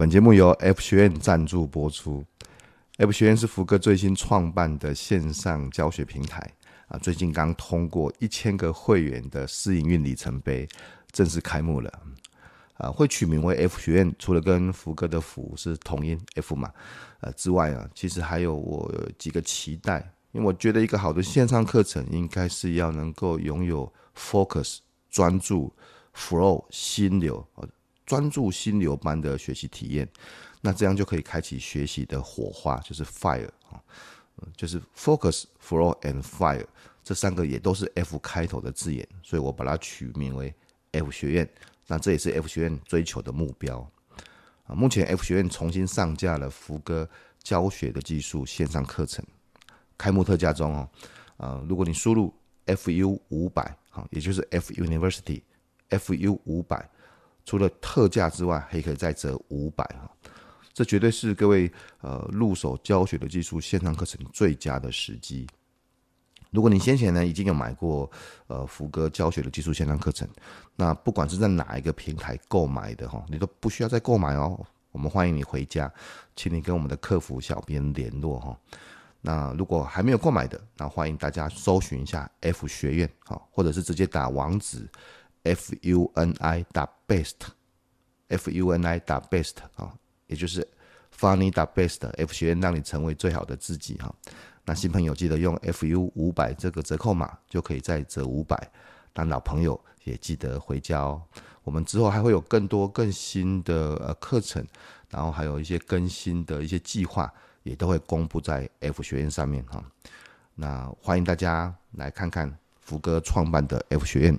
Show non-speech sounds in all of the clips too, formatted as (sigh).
本節目由 F 學院贊助播出。F 學院是福哥最新創辦的線上教學平台啊，最近剛通過一千個會員的試營運里程碑，正式開幕了啊，會取名為 F 學院。除了跟福哥的福是同音 F 嘛，呃之外啊，其實還有我有幾個期待，因為我覺得一個好的線上課程應該是要能夠擁有 focus 專注，flow 心流。專注心流般的學習體驗，那這樣就可以開啟學習的火花，就是 fire 啊，就是 focus flow and fire 這三個也都是 F 開頭的字眼，所以我把它取名為 F 學院。那這也是 F 學院追求的目標啊。目前 F 學院重新上架了福哥教學的技術線上課程，開幕特價中哦。如果你輸入 F U 五百哈，也就是 F University F U 五百。除了特價之外，還可以再折五百哈，這絕對是各位呃入手教學的技術線上課程最佳的時機。如果你先前呢已經有買過呃福哥教學的技術線上課程，那不管是在哪一個平台購買的哈，你都不需要再購買哦。我們歡迎你回家，請你跟我們的客服小編聯絡哈。那如果還沒有購買的，那歡迎大家搜尋一下 F 學院哈，或者是直接打網址。f u n i 打 best，f u n i 打 best 啊，也就是 funny 打 best，f 學院讓你成為最好的自己哈。那新朋友記得用 f u 五百這個折扣碼，就可以再折五百。那老朋友也記得回家哦。我們之後還會有更多更新的呃課程，然後還有一些更新的一些計劃，也都會公布在 f 學院上面哈。那歡迎大家來看看福哥創辦的 f 學院。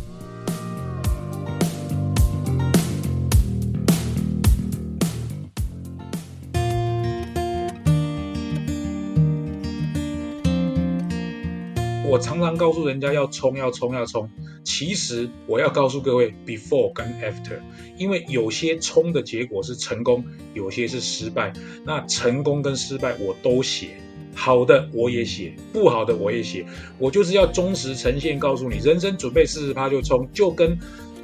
常告訴人家要衝、要衝、要衝，其實我要告訴各位 before 跟 after，因為有些衝的結果是成功，有些是失敗。那成功跟失敗我都寫，好的我也寫，不好的我也寫，我就是要忠實呈現，告訴你人生準備四十趴就衝，就跟。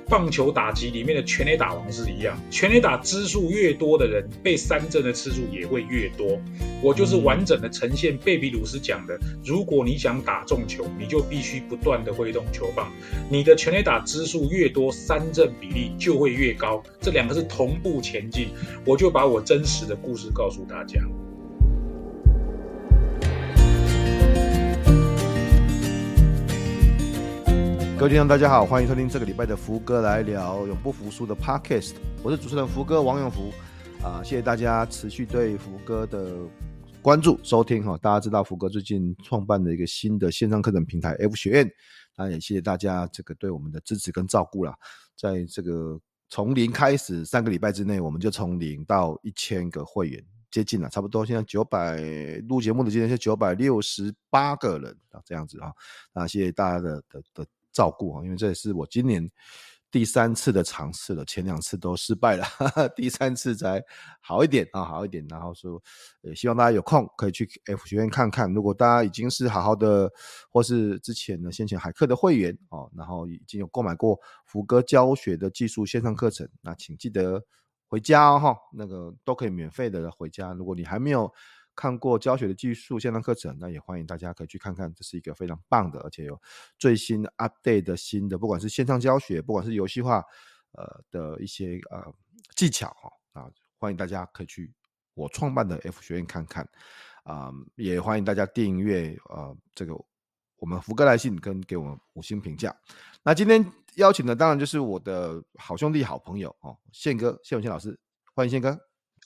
棒球打擊裡面的全壘打王是一樣，全壘打支數越多的人，被三振的次數也會越多。我就是完整的呈現貝比魯斯講的，嗯，如果你想打中球，你就必須不斷的揮動球棒。你的全壘打支數越多，三振比例就會越高。這兩個是同步前進。我就把我真實的故事告訴大家。各位聽眾，大家好，歡迎收聽這個禮拜的福哥來聊《永不福輸的 Podcast》。我是主持人福哥王永福，啊，謝謝大家持續對福哥的關注收聽哈、哦。大家知道福哥最近創辦了一個新的線上課程平台 F 學院，那也謝謝大家這個對我們的支持跟照顧啦。在這個從零開始三個禮拜之內，我們就從零到一千個會員接近了，差不多現在九百錄節目的今天是九百六十八個人啊，這樣子啊，那謝謝大家的的的。照顧啊，因為這也是我今年第三次的嘗試了，前兩次都失敗了，呵呵第三次才好一點啊、哦，好一點。然後說，呃，希望大家有空可以去 F 學院看看。如果大家已經是好好的，或是之前呢先前海客的會員哦，然後已經有購買過福哥教學的技術線上課程，那請記得回家哈、哦，那個都可以免費的回家。如果你還沒有，看過教學的技術線上課程，那也歡迎大家可以去看看，這是一個非常棒的，而且有最新 update 的新的，不管是線上教學，不管是遊戲化，呃的一些呃技巧哈、哦、啊，歡迎大家可以去我創辦的 F 學院看看啊、呃，也歡迎大家訂閱呃這個我們福哥來信跟給我們五星評價。那今天邀請的當然就是我的好兄弟、好朋友哦，憲哥謝文憲老師，歡迎憲哥。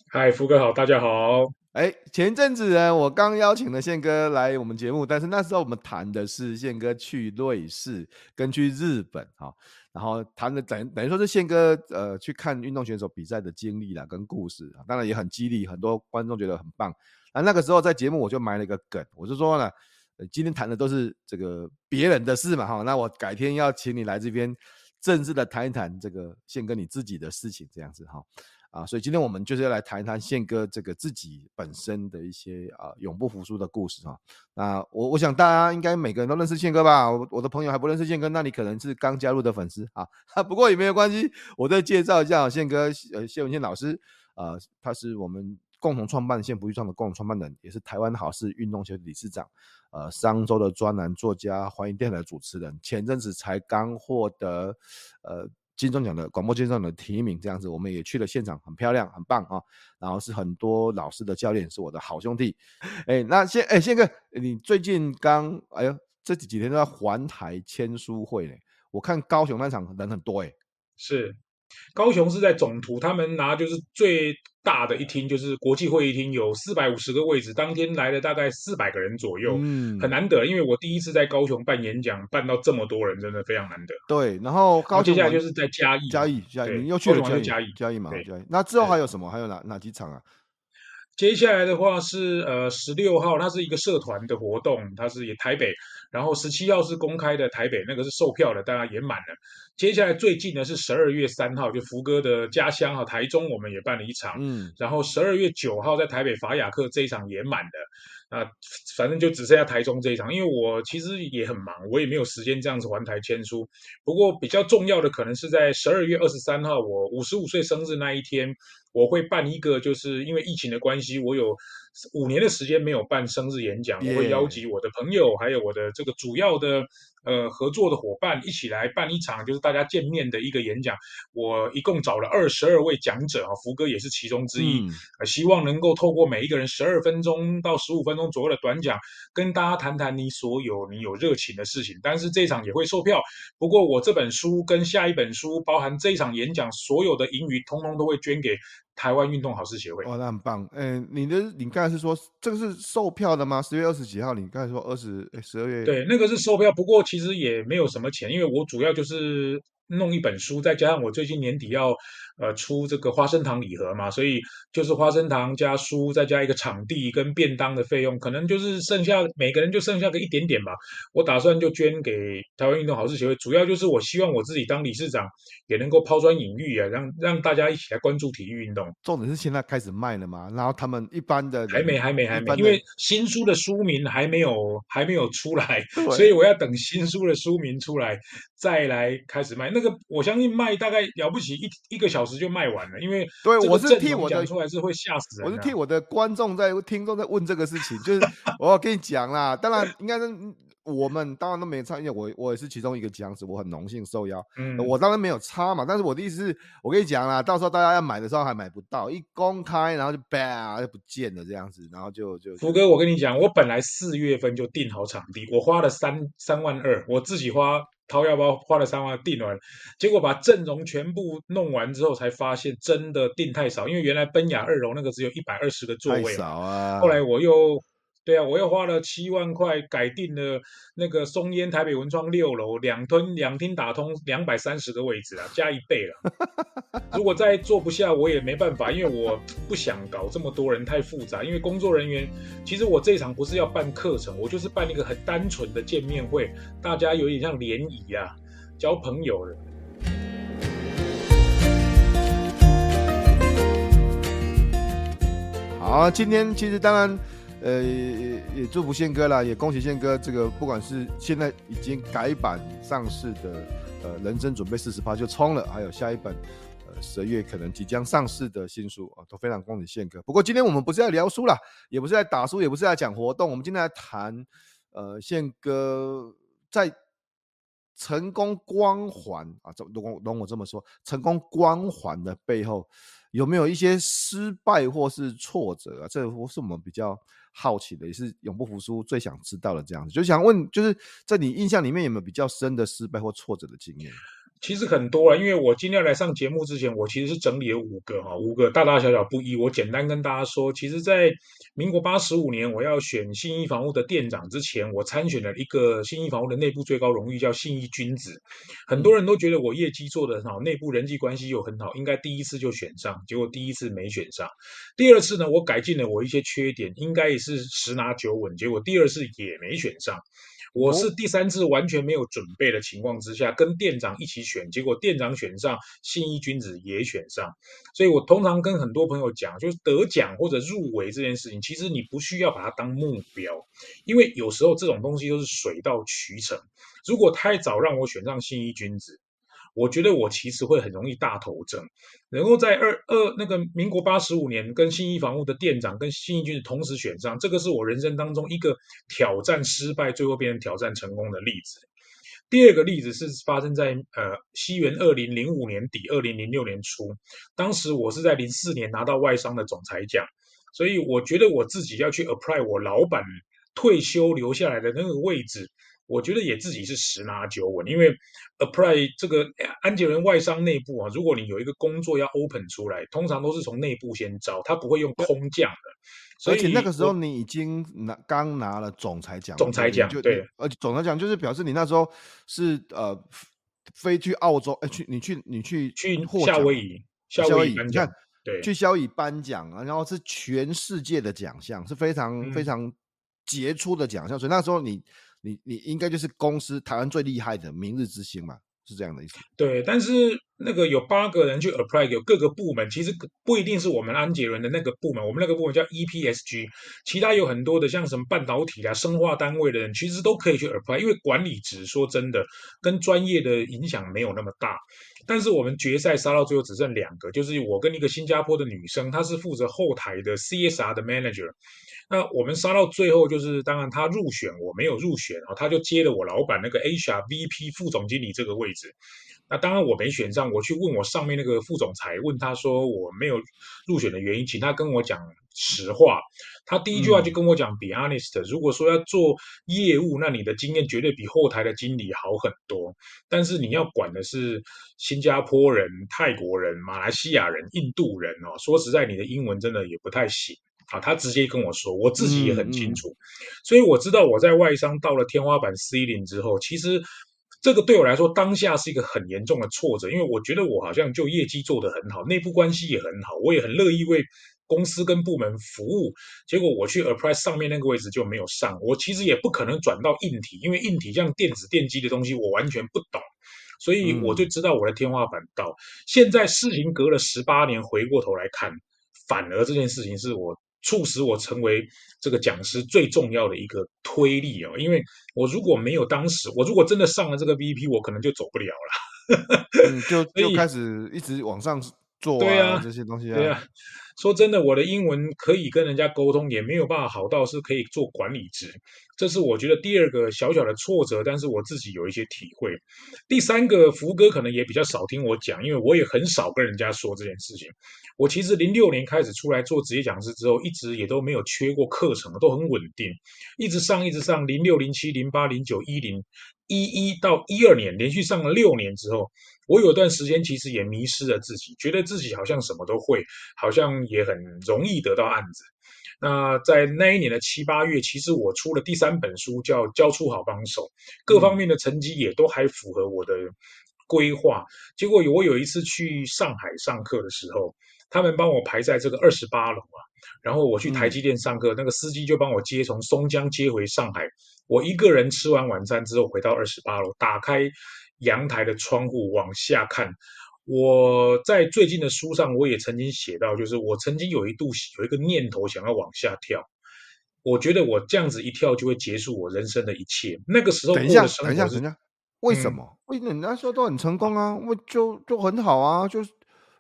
嗨，福哥好，大家好。哎，前陣子呢，我剛邀請了憲哥來我們節目，但是那時候我們談的是憲哥去瑞士跟去日本哈，然後談的等等於說是憲哥呃去看運動選手比賽的經歷啦跟故事啊，當然也很激勵很多觀眾覺得很棒。那那個時候在節目我就埋了一個梗，我就說呢，今天談的都是這個別人的事嘛哈，那我改天要請你來這邊正式的談一談這個憲哥你自己的事情這樣子哈。啊，所以今天我們就是要來談一談憲哥這個自己本身的一些啊永不服輸的故事哈、啊。那我我想大家應該每個人都認識憲哥吧？我我的朋友還不認識憲哥，那你可能是剛加入的粉絲啊。不過也沒有關係，我再介紹一下憲哥，呃，謝文憲老師，呃，他是我們共同創辦，憲福育創的共同創辦人，也是台灣好事運動協會理事長，呃，商周的專欄作家，環宇電台的主持人，前陣子才剛獲得呃。金鐘獎的廣播金鐘獎的提名這樣子，我們也去了現場，很漂亮，很棒啊、哦！然後是很多老師的教練，是我的好兄弟。哎，那現哎，憲哥，你最近剛哎呦，這幾天都在環台簽書會呢、欸。我看高雄那場人很多、欸，哎，是。高雄是在總圖，他們拿就是最大的一廳，就是國際會議廳，有四百五十個位置，當天來了大概四百個人左右，嗯，很難得，因為我第一次在高雄辦演講，辦到這麼多人，真的非常難得。對，然後高雄，然後接下來就是在嘉義，嘉義，嘉義，又去了嘉義，嘉義，嘉義嘛，對，嘉義。那之後還有什麼？還有哪哪幾場啊？接下來的話是呃十六號，它是一個社團的活動，它是也台北，然後十七號是公開的台北，那個是售票的，當然也滿了。接下來最近呢是十二月三號，就福哥的家鄉哈台中，我們也辦了一場，嗯，然後十二月九號在台北法雅客這一場也滿了。啊，反正就只剩下台中這一場，因為我其實也很忙，我也沒有時間這樣子環台簽書。不過比較重要的可能是在十二月二十三號，我五十五歲生日那一天，我會辦一個，就是因為疫情的關係，我有五年的時間沒有辦生日演講，yeah. 我會邀集我的朋友，還有我的這個主要的，呃，合作的伙伴一起來辦一場，就是大家見面的一個演講。我一共找了二十二位講者啊，福哥也是其中之一。嗯呃。希望能夠透過每一個人十二分鐘到十五分鐘左右的短講，跟大家談談你所有你有熱情的事情。但是這一場也會售票。不過我這本書跟下一本書，包含這一場演講所有的盈餘，通通都會捐給台灣運動好事協會。哦，那很棒。嗯，你的你剛才是說這個是售票的嗎？十月二十幾號，你剛才說二十十二月？對，那個是售票。不過其實也沒有什麼錢，因為我主要就是，弄一本書，再加上我最近年底要，呃，出這個花生糖禮盒嘛，所以就是花生糖加書，再加一個場地跟便當的費用，可能就是剩下每個人就剩下個一點點吧。我打算就捐給台灣運動好事協會，主要就是我希望我自己當理事長也能夠拋磚引玉啊，讓讓大家一起來關注體育運動。重點是現在開始賣了嘛，然後他們一般的還沒還沒還沒，因為新書的書名還沒有還沒有出來，所以我要等新書的書名出來。再來開始賣那個，我相信賣大概了不起一一個小時就賣完了，因為、啊、對，我是替我的出來是會嚇死人，我是替我的觀眾在聽眾在問這個事情， (laughs) 就是我跟你講啦，當然應該是我們當然都沒差，因為我我也是其中一個講師，我很榮幸受邀、嗯，我當然沒有差嘛，但是我的意思是我跟你講啦，到時候大家要買的時候還買不到，一公開然後就啪，就不見了這樣子，然後就就福哥，我跟你講，我本來四月份就定好場地，我花了三三萬二，我自己花。掏腰包花了三萬訂完，結果把陣容全部弄完之後，才發現真的訂太少，因為原來奔雅二樓那個只有一百二十個座位，太少啊！後來我又。對啊，我又花了七萬塊改定了那個松煙台北文創六樓兩噸兩廳打通兩百三十個位置啊，加一倍了。 (laughs) 如果再坐不下，我也沒辦法，因為我不想搞這麼多人太複雜，因為工作人員。其實我這一場不是要辦課程，我就是辦一個很單純的見面會，大家有點像聯誼啊，交朋友了。好，今天其實當然。呃，也祝福憲哥啦，也恭喜憲哥。這個不管是現在已經改版上市的，呃，人生準備40%就衝了，還有下一本，呃，十月可能即將上市的新書啊，都非常恭喜憲哥。不過今天我們不是在聊書啦，也不是在打書，也不是在講活動，我們今天來談，呃，憲哥在成功光環啊，容我這麼說？成功光環的背後。有沒有一些失敗或是挫折啊？這是我們比較好奇的，也是永不服輸最想知道的這樣子，就想問，就是在你印象裡面有沒有比較深的失敗或挫折的經驗？其實很多了，因為我今天來上節目之前，我其實是整理了五個哈，五個大大小小不一。我簡單跟大家說，其實，在民國八十五年，我要選信義房屋的店長之前，我參選了一個信義房屋的內部最高榮譽，叫信義君子。很多人都覺得我業績做得很好，內部人際關係又很好，應該第一次就選上，結果第一次沒選上。第二次呢，我改進了我一些缺點，應該也是十拿九穩，結果第二次也沒選上。我是第三次完全沒有準備的情況之下，跟店長一起選，結果店長選上，信義君子也選上，所以我通常跟很多朋友講，就是得獎或者入圍這件事情，其實你不需要把它當目標，因為有時候這種東西都是水到渠成。如果太早讓我選上信義君子。我覺得我其實會很容易大頭症。能夠在二二那個民國八十五年，跟信義房屋的店長跟信義君同時選上，這個是我人生當中一個挑戰失敗，最後變成挑戰成功的例子。第二個例子是發生在呃西元二零零五年底、二零零六年初，當時我是在零四年拿到外商的總裁獎，所以我覺得我自己要去 apply 我老板退休留下來的那個位置。我覺得也自己是十拿九穩，因為 a p r l y 這個、哎、安捷倫外商內部啊，如果你有一個工作要 open 出來，通常都是從內部先招，他不會用空降的。所以而且那個時候你已經拿剛拿了總裁獎，總裁獎對，而總裁獎就是表示你那時候是呃飛去澳洲，哎去你去你去你去，獲去夏威夷，夏威夷，夏威夷，夏威夷你看對去夏威夷頒獎啊，然後是全世界的獎項是非常、嗯、非常傑出的獎項，所以那時候你。你你應該就是公司台灣最厲害的明日之星嘛，是這樣的意思。對，但是那個有八個人去 apply，有各個部門，其實不一定是我們安捷倫的那個部門，我們那個部門叫 EPSG，其他有很多的像什麼半導體啊、生化單位的人，其實都可以去 apply，因為管理職說真的跟專業的影響沒有那麼大。但是我們決賽殺到最後只剩兩個，就是我跟一個新加坡的女生，她是負責後台的 CSR 的 manager。那我們殺到最後，就是當然他入選，我沒有入選啊、哦，他就接了我老闆那個 Asia VP 副總經理這個位置。那當然我沒選上，我去問我上面那個副總裁，問他說我沒有入選的原因，請他跟我講實話。他第一句話就跟我講、嗯、Be honest，如果說要做業務，那你的經驗絕對比後台的經理好很多，但是你要管的是新加坡人、泰國人、馬來西亞人、印度人哦。說實在，你的英文真的也不太行。啊，他直接跟我說，我自己也很清楚，所以我知道我在外商到了天花板 C 零之後。其實這個對我來說當下是一個很嚴重的挫折，因為我覺得我好像就業績做得很好，內部關係也很好，我也很樂意為公司跟部門服務，結果我去 apply 上面那個位置就沒有上，我其實也不可能轉到硬體，因為硬體像電子電機的東西我完全不懂，所以我就知道我的天花板到。現在事情隔了十八年，回過頭來看，反而這件事情是我。促使我成為這個講師最重要的一個推力哦，因為我如果沒有當時，我如果真的上了這個 VP，我可能就走不了了， (laughs) 嗯、就就開始一直往上做啊，對啊，這些東西啊。說真的，我的英文可以跟人家溝通，也沒有辦法好到是可以做管理職，這是我覺得第二個小小的挫折。但是我自己有一些體會。第三個福哥可能也比較少聽我講，因為我也很少跟人家說這件事情。我其實零六年開始出來做職業講師之後，一直也都沒有缺過課程，都很穩定，一直上一直上，零六零七零八零九一零一一到一二年連續上了六年之後。我有段時間其實也迷失了自己，覺得自己好像什麼都會，好像也很容易得到案子。那在那一年的七八月，其實我出了第三本書，叫《教出好幫手》，各方面的成績也都還符合我的規劃。嗯、結果我有一次去上海上課的時候，他們幫我排在這個二十八樓啊，然後我去台積電上課，嗯、那個司機就幫我接從松江接回上海。我一個人吃完晚餐之後回到二十八樓，打開。陽台的窗戶往下看，我在最近的書上，我也曾經寫到，就是我曾經有一度有一個念頭，想要往下跳。我覺得我這樣子一跳，就會結束我人生的一切。那個時候，等一下，等一下，等一下，為什麼？嗯、為，你那時候都很成功啊，我就就很好啊，就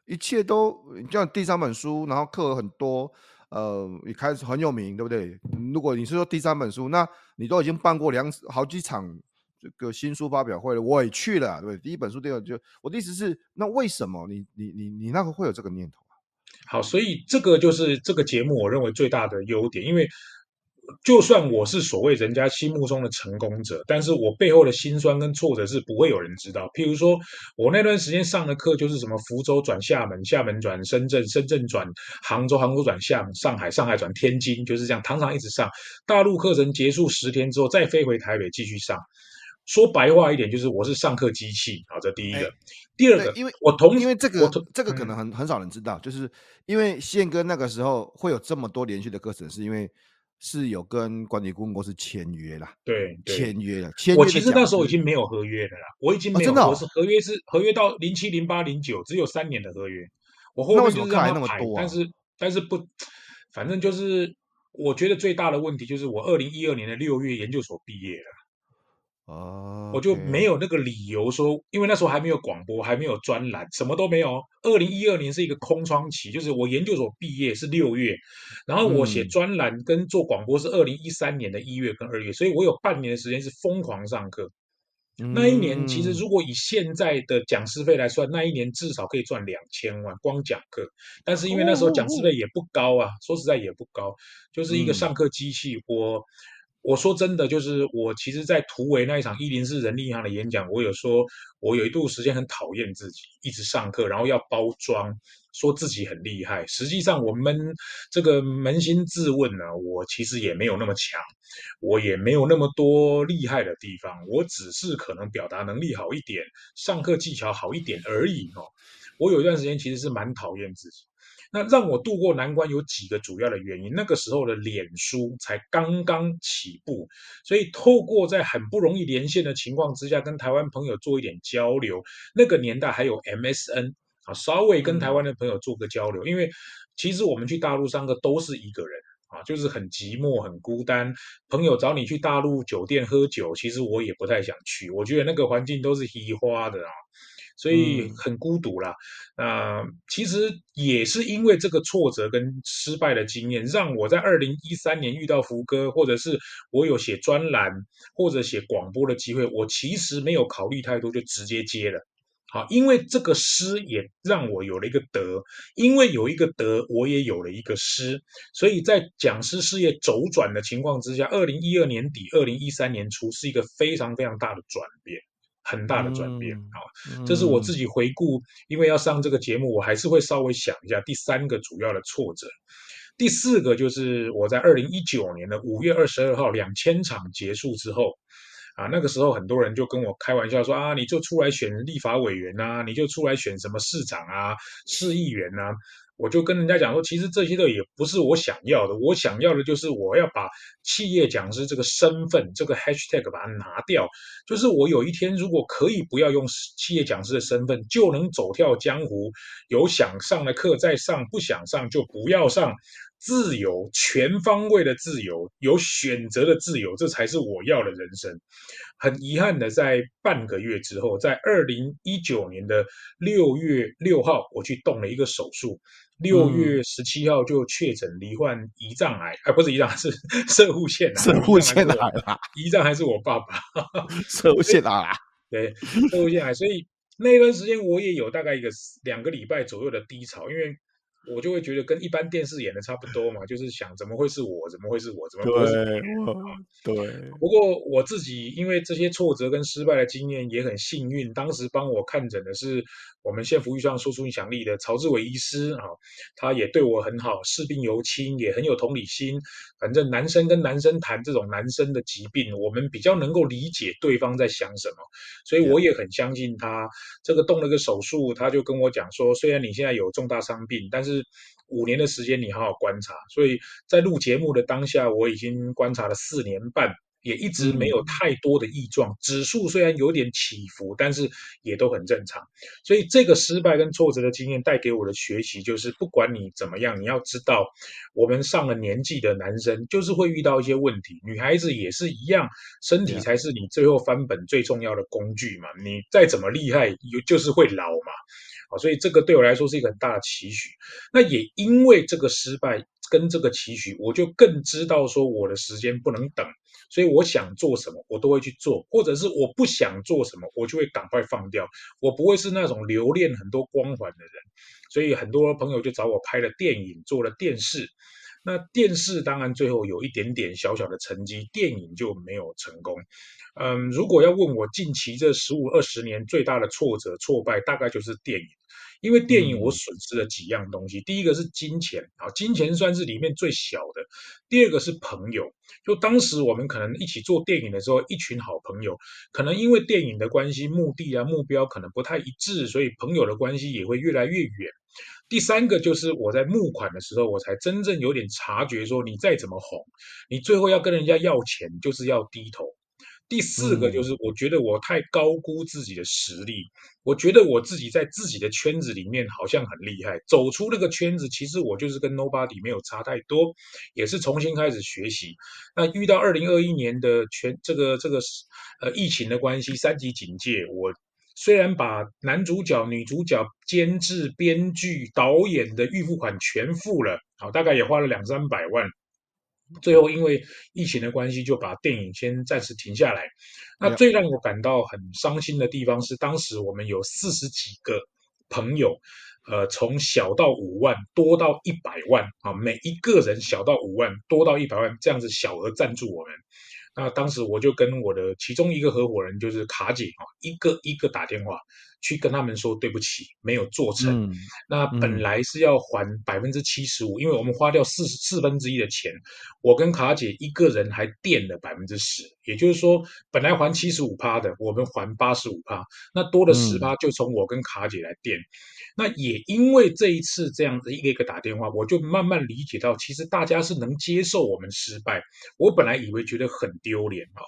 一切都就像第三本書，然後課很多，呃，一開始很有名，對不對？如果你是說第三本書，那你都已經辦過兩好幾場。這個新書發表會了，我也去了。對，第一本書第二就我的意思是，那為什麼你你你你那個會有這個念頭啊？好，所以這個就是這個節目我認為最大的優點，因為就算我是所謂人家心目中的成功者，但是我背後的辛酸跟挫折是不會有人知道。譬如說我那段時間上的課就是什麼福州轉廈門，廈門轉深圳，深圳轉杭州，杭州，杭州轉向上海，上海轉天津，就是這樣，常常一直上大陸課程結束十天之後再飛回台北繼續上。說白話一點，就是我是上課機器，好，這第一個，欸、第二個，因為我同因為這個我同這個可能很很少人知道，嗯、就是因為憲哥那個時候會有這麼多連續的課程，是因為是有跟管理顧問公司簽約了，對，簽約了，簽約，我其實那時候已經沒有合約的了啦，我已經沒有，哦哦、合約是合約到零七零八零九，只有三年的合約，我後面就是讓他排，那我怎麼看來那麼多、啊、但是但是不，反正就是我覺得最大的問題就是我二零一二年的六月研究所畢業了。啊、ah, okay.，我就沒有那個理由說，因為那時候還沒有廣播，還沒有專欄，什麼都沒有。二零一二年是一個空窗期，就是我研究所畢業是六月，然後我寫專欄跟做廣播是二零一三年的一月跟二月，嗯，所以我有半年的時間是瘋狂上課、嗯。那一年其實如果以現在的講師費來算，那一年至少可以賺兩千萬光講課，但是因為那時候講師費也不高啊哦哦，說實在也不高，就是一個上課機器或我說真的，就是我其實，在突圍那一場一零四人力銀行的演講，我有說，我有一段時間很討厭自己，一直上課，然後要包裝，說自己很厲害。實際上，我們這個捫心自問呢，我其實也沒有那麼強，我也沒有那麼多厲害的地方，我只是可能表達能力好一點，上課技巧好一點而已哦。我有一段時間其實是蠻討厭自己。那讓我渡過難關有幾個主要的原因。那個時候的臉書才剛剛起步，所以透過在很不容易連線的情況之下，跟台灣朋友做一點交流。那個年代還有 MSN 啊，稍微跟台灣的朋友做個交流，嗯。因為其實我們去大陸三個都是一個人啊，就是很寂寞，很孤單。朋友找你去大陸酒店喝酒，其實我也不太想去。我覺得那個環境都是虛華的啊。所以很孤獨啦，啊、嗯呃，其實也是因為這個挫折跟失敗的經驗，讓我在二零一三年遇到福哥，或者是我有寫專欄或者寫廣播的機會，我其實沒有考慮太多，就直接接了。好、啊，因為這個失也讓我有了一個得，因為有一個得，我也有了一個失，所以在講師事業週轉的情況之下，二零一二年底、二零一三年初是一個非常非常大的轉變。很大的轉變啊、嗯嗯！這是我自己回顧，因為要上這個節目，我還是會稍微想一下第三個主要的挫折。第四個就是我在二零一九年的五月二十二號兩千場結束之後啊，那個時候很多人就跟我開玩笑說啊，你就出來選立法委員啊，你就出來選什麼市長啊、市議員啊。我就跟人家講說，其實這些都也不是我想要的，我想要的就是我要把企業講師這個身份這個 hashtag 把它拿掉，就是我有一天如果可以不要用企業講師的身份，就能走跳江湖，有想上的課再上，不想上就不要上。自由，全方位的自由，有選擇的自由，這才是我要的人生。很遺憾的，在半個月之後，在二零一九年的六月六號，我去動了一個手術，六月十七號就確診罹患胰臟癌、嗯哎，不是胰臟是腎物腺癌，攝護腺癌啦，胰臟還是我，癌是我爸爸，攝護腺癌啦 (laughs) ，對，攝護腺癌。 (laughs) 所以那段時間，我也有大概一個兩個禮拜左右的低潮，因為。我就會覺得跟一般電視演的差不多嘛，就是想怎麼會是我，怎麼會是我，怎麼會是我、嗯？對，不過我自己因為這些挫折，跟失敗的經驗也很幸運，當時幫我看診的是我們憲福育創說出影響力的曹志偉醫師啊、哦，他也對我很好，視病猶親，也很有同理心。反正男生跟男生談這種男生的疾病，我們比較能夠理解對方在想什麼，所以我也很相信他。嗯、這個動了個手術，他就跟我講說，雖然你現在有重大傷病，但是是五年的時間，你好好觀察。所以在錄節目的當下，我已經觀察了四年半，也一直沒有太多的異狀。指數雖然有點起伏，但是也都很正常。所以這個失敗跟挫折的經驗帶給我的學習，就是不管你怎麼樣，你要知道，我們上了年紀的男生就是會遇到一些問題，女孩子也是一樣。身體才是你最後翻本最重要的工具嘛。你再怎麼厲害，有就是會老嘛。所以這個對我來說是一個很大的期許。那也因為這個失敗跟這個期許，我就更知道說我的時間不能等，所以我想做什麼我都會去做，或者是我不想做什麼我就會趕快放掉，我不會是那種留戀很多光環的人。所以很多朋友就找我拍了電影，做了電視。那電視當然最後有一點點小小的成績，電影就沒有成功。嗯，如果要問我近期這十五二十年最大的挫折挫敗，大概就是電影。因為電影，我損失了幾樣東西。第一個是金錢啊，金錢算是裡面最小的。第二個是朋友，就當時我們可能一起做電影的時候，一群好朋友，可能因為電影的關係、目的啊、目標可能不太一致，所以朋友的關係也會越來越遠。第三個就是我在募款的時候，我才真正有點察覺，說你再怎麼紅，你最後要跟人家要錢，就是要低頭。第四個就是，我覺得我太高估自己的實力。嗯。我覺得我自己在自己的圈子裡面好像很厲害，走出那個圈子，其實我就是跟 nobody 沒有差太多，也是重新開始學習。那遇到二零二一年的全，這個、這個、這個、呃，疫情的關係，三級警戒，我雖然把男主角、女主角、監製、編劇、導演的預付款全付了，好，大概也花了兩三百萬。最後，因為疫情的關係，就把電影先暫時停下來。那最讓我感到很傷心的地方是，當時我們有四十幾個朋友，呃，從小到五萬，多到一百萬啊，每一個人小到五萬，多到一百萬，這樣子小額贊助我們。那當時我就跟我的其中一個合夥人，就是卡姐啊，一個一個打電話。去跟他們說對不起，沒有做成。嗯、那本來是要還百分之七十五，因為我們花掉四四分之一的錢，我跟卡姐一個人還墊了百分之十。也就是說，本來還七十五趴的，我們還八十五趴，那多了十趴，就從我跟卡姐來墊。嗯。那也因為這一次這樣子一個一個打電話，我就慢慢理解到，其實大家是能接受我們失敗。我本來以為覺得很丟臉啊，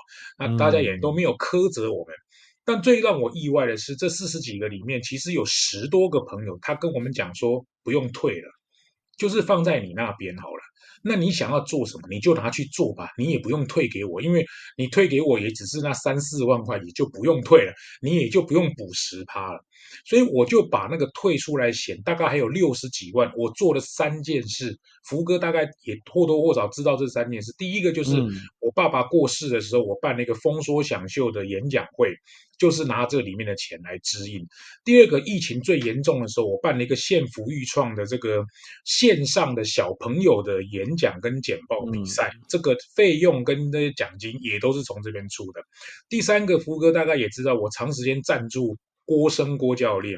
那大家也都沒有苛責我們。嗯但最讓我意外的是，這四十幾個裡面，其實有十多個朋友，他跟我們講說，不用退了。就是放在你那邊好了，那你想要做什麼你就拿去做吧，你也不用退給我，因為你退給我也只是那三四萬塊，你就不用退了，你也就不用補十趴了。所以我就把那個退出來錢，大概還有六十幾萬，我做了三件事，福哥大概也或多或少知道這三件事。第一個就是我爸爸過世的時候，我辦了一個“風收享秀”的演講會，就是拿這裡面的錢來支應。第二個，疫情最嚴重的時候，我辦了一個“憲福育創”的這個。線上的小朋友的演講跟簡報比賽，嗯，這個費用跟那些獎金也都是從這邊出的。第三個，福哥大概也知道，我長時間贊助郭生郭教練，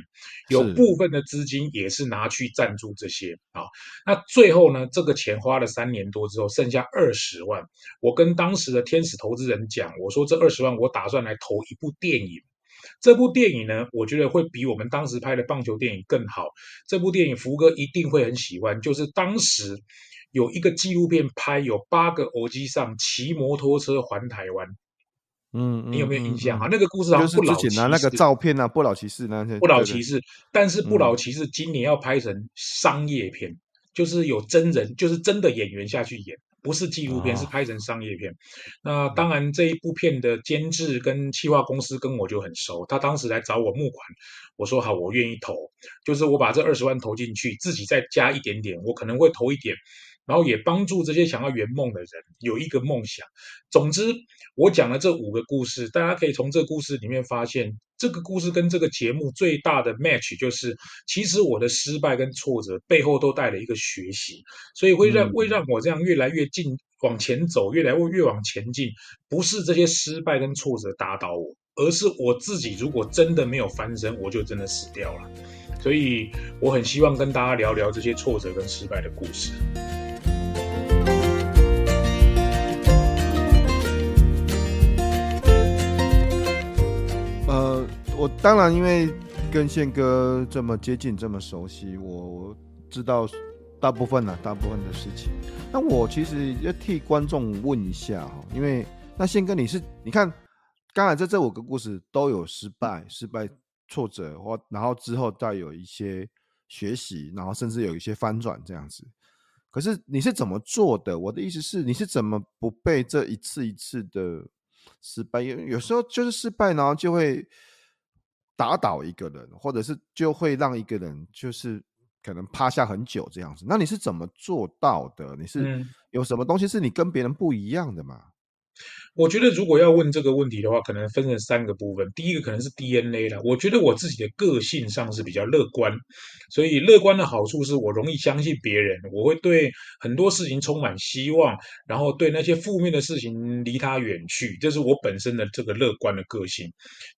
有部分的資金也是拿去贊助這些啊。那最後呢，這個錢花了三年多之後，剩下二十萬。我跟當時的天使投資人講，我說這二十萬我打算來投一部電影。這部電影呢，我覺得會比我們當時拍的棒球電影更好。這部電影福哥一定會很喜歡。就是當時有一個紀錄片拍，有八個耳機上騎摩托車環台灣嗯。嗯，你有沒有印象啊、嗯嗯。那個故事好像就是不老騎士。就是，照片呢？啊？不老騎士，那不老騎士。但是不老騎士今年要拍成商業片，嗯，就是有真人，就是真的演員下去演。不是紀錄片，oh. 是拍成商業片。那當然，這一部片的監制跟企劃公司跟我就很熟。他當時來找我募款，我說好，我願意投。就是我把這二十萬投進去，自己再加一點點，我可能會投一點。然後也幫助這些想要圓夢的人有一個夢想。總之，我講了這五個故事，大家可以從這個故事裡面發現，這個故事跟這個節目最大的 match 就是，其實我的失敗跟挫折背後都帶了一個學習，所以會讓、嗯、會讓我這樣越來越近往前走，越來越越往前進，不是這些失敗跟挫折打倒我，而是我自己如果真的沒有翻身，我就真的死掉了。所以我很希望跟大家聊聊這些挫折跟失敗的故事。我當然，因為跟憲哥這麼接近、這麼熟悉，我知道大部分吶、啊，大部分的事情。那我其實要替觀眾問一下哈，因為那憲哥你是你看，剛才在這五個故事都有失敗、失敗挫折，或然後之後再有一些學習，然後甚至有一些翻轉這樣子。可是你是怎麼做的？我的意思是，你是怎麼不被這一次一次的失敗？有有時候就是失敗，然後就會。打倒一個人，或者是就會讓一個人就是可能趴下很久這樣子。那你是怎麼做到的？你是有什麼東西是你跟別人不一樣的嗎？嗯。我覺得如果要問這個問題的話，可能分成三個部分。第一個可能是 DNA 了。我覺得我自己的個性上是比較樂觀，所以樂觀的好處是我容易相信別人，我會對很多事情充滿希望，然後對那些負面的事情離他遠去。這是我本身的這個樂觀的個性。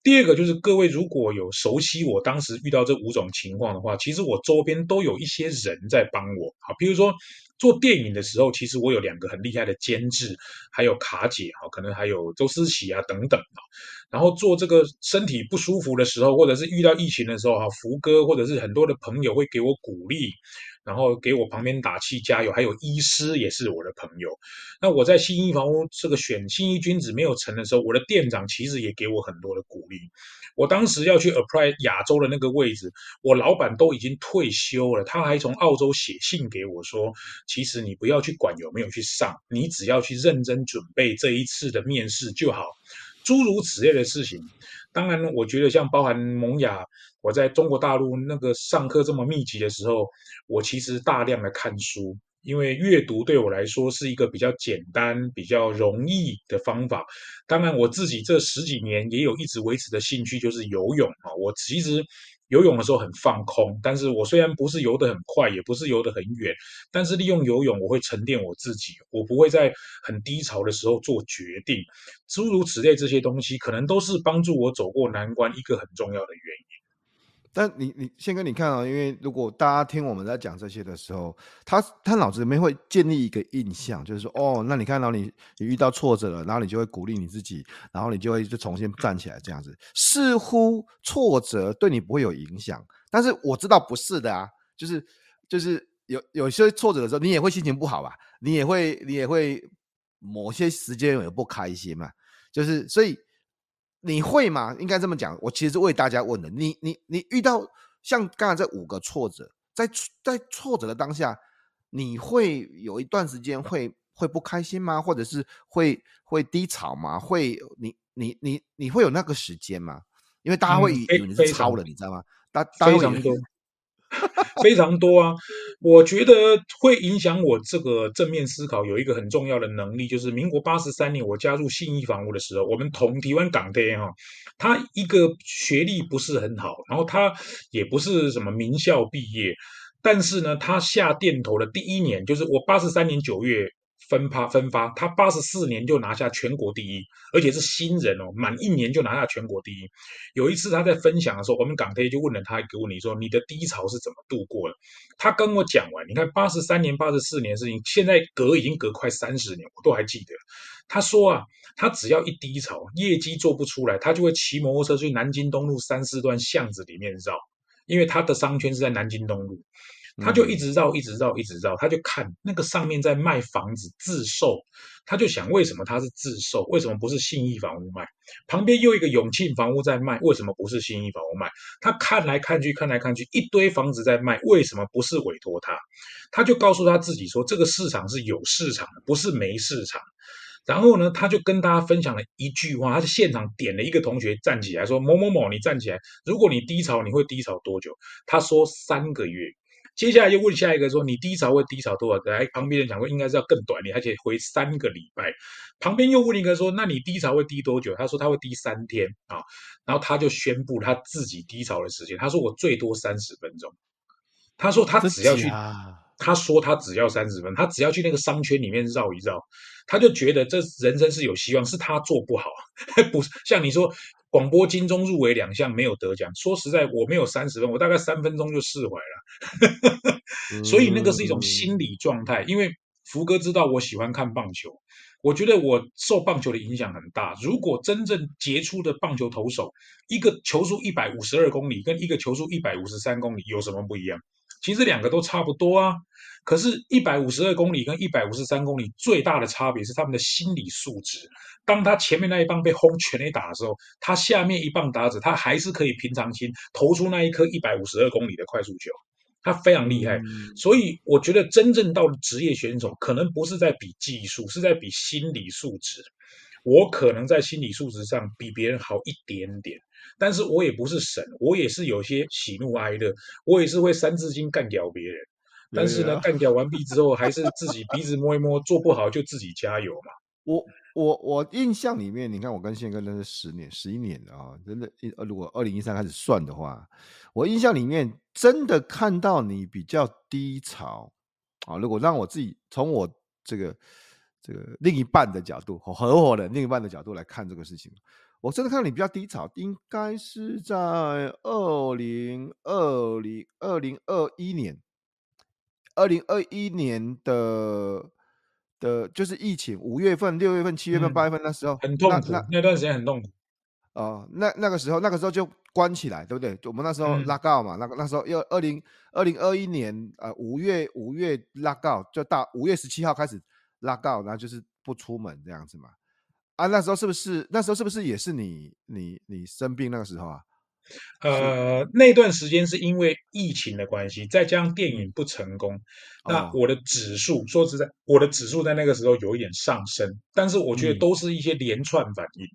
第二個就是各位如果有熟悉我當時遇到這五種情況的話，其實我周邊都有一些人在幫我。好，譬如說。做電影的時候，其實我有兩個很厲害的監制，還有卡姐啊，可能還有周思齊啊等等啊。然後做這個身體不舒服的時候，或者是遇到疫情的時候，哈，福哥或者是很多的朋友會給我鼓勵，然後給我旁邊打氣加油。還有醫師也是我的朋友。那我在信義房屋這個選信義君子沒有成的時候，我的店長其實也給我很多的鼓勵。我當時要去 apply 亞洲的那個位置，我老板都已經退休了，他還從澳洲寫信給我說：“其實你不要去管有沒有去上，你只要去認真準備這一次的面試就好。”諸如此類的事情，當然，我覺得像包含萌芽，我在中國大陸那個上課這麼密集的時候，我其實大量的看書，因為閱讀對我來說是一個比較簡單、比較容易的方法。當然，我自己這十幾年也有一直維持的興趣，就是游泳啊。我其實。游泳的時候很放空，但是我雖然不是游得很快，也不是游得很遠，但是利用游泳我會沉澱我自己，我不會在很低潮的時候做決定，諸如此類這些東西，可能都是幫助我走過難關一個很重要的原因。但你你憲哥，你，哥你看啊、哦，因為如果大家聽我們在講這些的時候，他他腦子裡面會建立一個印象，就是說，哦，那你看到你你遇到挫折了，然後你就會鼓勵你自己，然後你就會就重新站起來這樣子，似乎挫折對你不會有影響。但是我知道不是的啊，就是就是有有些挫折的時候，你也會心情不好吧，你也會你也會某些時間也不開心嘛，就是所以。你會嗎？應該這麼講，我其實是為大家問的。你你你遇到像剛才這五個挫折，在在挫折的當下，你會有一段時間會會不開心嗎？或者是會會低潮嗎？會你你你你會有那個時間嗎？因為大家會以為你是超人，你知道嗎？大大家會以為。 (laughs) 非常多啊！我覺得會影響我這個正面思考有一個很重要的能力，就是民國八十三年我加入信義房屋的時候，我們同台灣港店哈，他一個學歷不是很好，然後他也不是什麼名校畢業，但是呢，他下電投的第一年就是我八十三年九月。分發分發，他八十四年就拿下全國第一，而且是新人哦，滿一年就拿下全國第一。有一次他在分享的時候，我們港 K 就問了他一個問題，說你的低潮是怎麼度過的？他跟我講完，你看八十三年、八十四年的事情，現在隔已經隔快三十年，我都還記得。他說啊，他只要一低潮，業績做不出來，他就會騎摩托車去南京東路三四段巷子裡面繞，因為他的商圈是在南京東路。嗯，他就一直繞，一直繞，一直繞。他就看那個上面在賣房子自售，他就想為什麼他是自售？為什麼不是信義房屋賣？旁邊又一個永慶房屋在賣，為什麼不是信義房屋賣？他看來看去，看來看去，一堆房子在賣，為什麼不是委託他？他就告訴他自己說，這個市場是有市場的，不是沒市場。然後呢，他就跟大家分享了一句話，他就現場點了一個同學站起來說：“某某某，你站起來，如果你低潮，你會低潮多久？”他說：“三個月。”接下來又問下一個說，你低潮會低潮多少？來旁邊人講說應該是要更短，你還可以回三個禮拜。旁邊又問一個說，那你低潮會低多久？他說他會低三天啊，然後他就宣布他自己低潮的時間，他說，我最多三十分鐘。他說他只要去，他說他只要三十分，他只要去那個商圈裡面繞一繞，他就覺得這人生是有希望，是他做不好、啊， (laughs) 不是像你說。廣播金鐘入圍兩項沒有得獎，說實在，我沒有三十分，我大概三分鐘就釋懷了。 (laughs) 所以那個是一種心理狀態，因為福哥知道我喜歡看棒球，我覺得我受棒球的影響很大。如果真正傑出的棒球投手，一個球速一百五十二公里，跟一個球速一百五十三公里有什麼不一樣？其實兩個都差不多啊，可是一百五十二公里跟一百五十三公里最大的差別是他們的心理素質。當他前面那一棒被轟全壘打的時候，他下面一棒打者，他還是可以平常心投出那一顆一百五十二公里的快速球，他非常厲害、嗯。所以我覺得真正到職業選手，可能不是在比技術，是在比心理素質。我可能在心理素質上比別人好一點點，但是我也不是神，我也是有些喜怒哀樂，我也是會三字經幹掉別人。但是呢，有有幹掉完畢之後，還是自己鼻子摸一摸， (laughs) 做不好就自己加油嘛。我我我印象裡面，你看我跟憲哥認識十年、十一年啊、哦，真的，如果二零一三開始算的話，我印象裡面真的看到你比較低潮啊、哦。如果讓我自己從我這個。這個另一半的角度，合合夥的另一半的角度來看這個事情，我真的看到你比較低潮，應該是在二零二零二零二一年，二零二一年的的，就是疫情五月份、六月份、七月份、八月份、嗯、那時候，很痛苦，那那段時間很痛苦。哦、呃，那那個時候，那個時候就關起來，對不對？我們那時候拉告、嗯、嘛，那個那時候要二零二零二一年，啊、呃、五月五月拉告就到五月十七號開始。拉到然後就是不出門這樣子嘛。啊，那時候是不是？那時候是不是也是你？你你生病那個時候啊？呃，那段時間是因為疫情的關係、嗯，再加上電影不成功，嗯、那我的指數、嗯、說實在，我的指數在那個時候有一點上升，但是我覺得都是一些連串反應。嗯、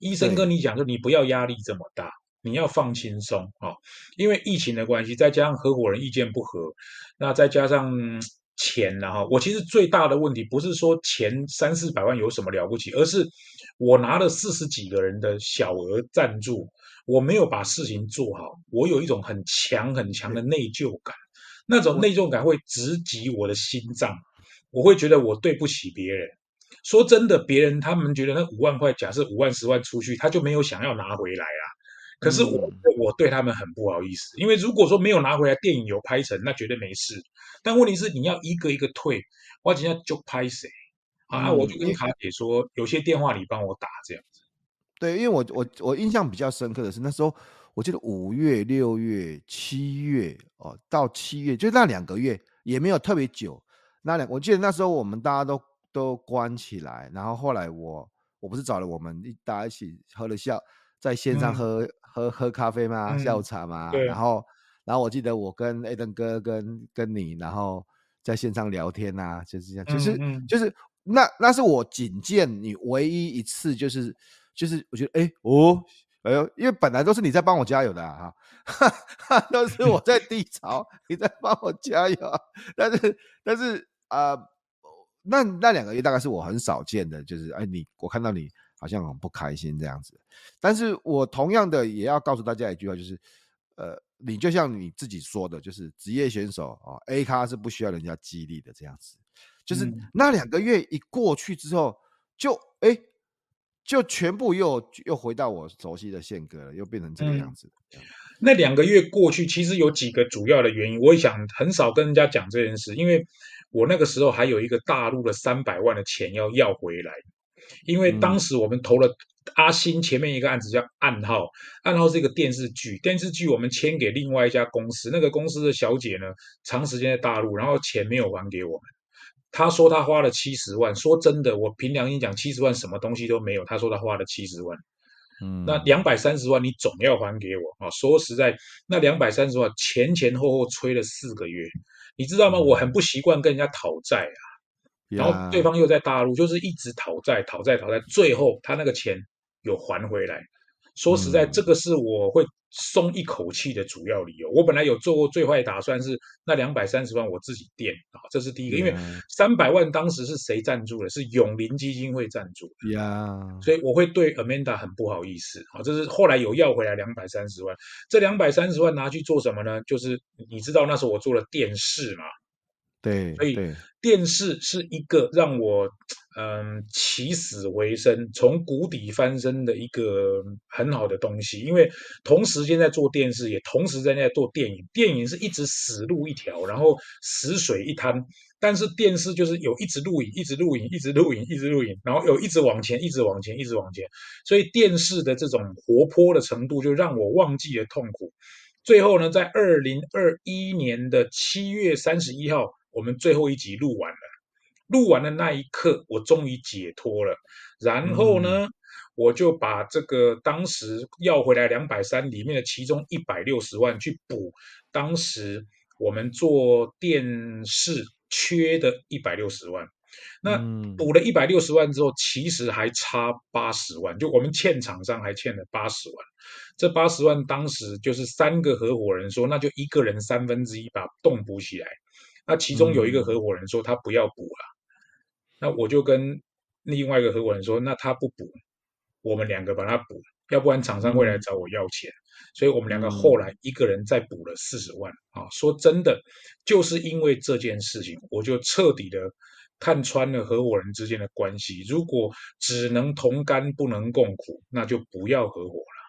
醫生跟你講說，你不要壓力這麼大，你要放輕鬆啊，因為疫情的關係，再加上合夥人意見不合，那再加上。錢了哈，我其實最大的問題不是說錢三四百萬有什麼了不起，而是我拿了四十幾個人的小額贊助，我沒有把事情做好，我有一種很強很強的內疚感，那種內疚感會直擊我的心臟，我會覺得我對不起別人。說真的，別人他們覺得那五萬塊，假設五萬十萬出去，他就沒有想要拿回來啦、啊。可是我、嗯、我對他們很不好意思，因為如果說沒有拿回來，電影有拍成，那絕對沒事。但問題是，你要一個一個退，我今天就拍誰啊？我就跟卡姐說，欸、有些電話你幫我打這樣子。對，因為我我我印象比較深刻的是，那時候我記得五月、六月、七月哦，到七月就那兩個月也沒有特別久。那兩我記得那時候我們大家都都關起來，然後後來我我不是找了我們大家一,一起喝了下，在線上喝。嗯喝喝咖啡嘛，嗯，下午茶嘛，然後然後我記得我跟 Aiden 哥跟跟你，然後在線上聊天啊，就是這樣，就是，嗯，就是那那是我僅見你唯一一次，就是就是我覺得哎，欸，哦哎呦，因為本來都是你在幫我加油的，啊，哈哈，都是我在低潮， (laughs) 你在幫我加油，但是但是啊，呃，那那兩個月大概是我很少見的，就是哎你我看到你。好像很不開心這樣子，但是我同樣的也要告訴大家一句話，就是，呃，你就像你自己說的，就是職業選手啊，A 咖是不需要人家激勵的這樣子，就是那兩個月一過去之後，就哎、欸，就全部又又回到我熟悉的性格，又變成這個樣子、嗯。嗯、那兩個月過去，其實有幾個主要的原因，我也想很少跟人家講這件事，因為我那個時候還有一個大陸的三百萬的錢要要回來。因為當時我們投了阿星前面一個案子叫暗號、嗯《暗號》。《暗號》是一個電視劇，電視劇我們簽給另外一家公司，那個公司的小姐呢，長時間在大陸，然後錢沒有還給我們。她說她花了七十萬，說真的，我憑良心講，七十萬什麼東西都沒有。她說她花了七十萬，嗯，那兩百三十萬你總要還給我啊！說實在，那兩百三十萬前前後後催了四個月，你知道嗎？嗯、我很不習慣跟人家討債啊。Yeah. 然後對方又在大陸，就是一直討債，討債，討債，討債，最後他那個錢有還回來。說實在，嗯，這個是我會鬆一口氣的主要理由。我本來有做過最壞打算，是那兩百三十萬我自己墊啊，這是第一個。Yeah. 因為三百萬當時是誰贊助的？是永林基金會贊助的呀，Yeah. 所以我會對 Amanda 很不好意思啊。這是後來有要回來兩百三十萬。這兩百三十萬拿去做什麼呢？就是你知道那時候我做了電視嘛。對，對，所以電視是一個讓我嗯、呃、起死回生、從谷底翻身的一個很好的東西，因為同時間在做電視，也同時間在那做電影。電影是一直死路一條，然後死水一灘，但是電視就是有一直錄影、一直錄影、一直錄影、一直錄影，然後有一直往前、一直往前、一直往前。所以電視的這種活潑的程度，就讓我忘記了痛苦。最後呢，在二零二一年的七月三十一號，我們最後一集錄完了，錄完的那一刻，我終於解脫了。然後呢，嗯。我就把這個當時要回來兩百三裡面的其中一百六十萬去補，當時我們做電視缺的一百六十萬。那補了一百六十萬之後，其實還差八十萬，就我們欠廠商還欠了八十萬。這八十萬當時就是三個合夥人說，那就一個人三分之一把洞補起來。那其中有一個合夥人說他不要補了。嗯，那我就跟另外一個合夥人說，那他不補，我們兩個把他補，要不然廠商會來找我要錢。所以我們兩個後來一個人再補了四十萬啊。說真的，就是因為這件事情，我就徹底的看穿了合夥人之間的關係。如果只能同甘不能共苦，那就不要合夥了。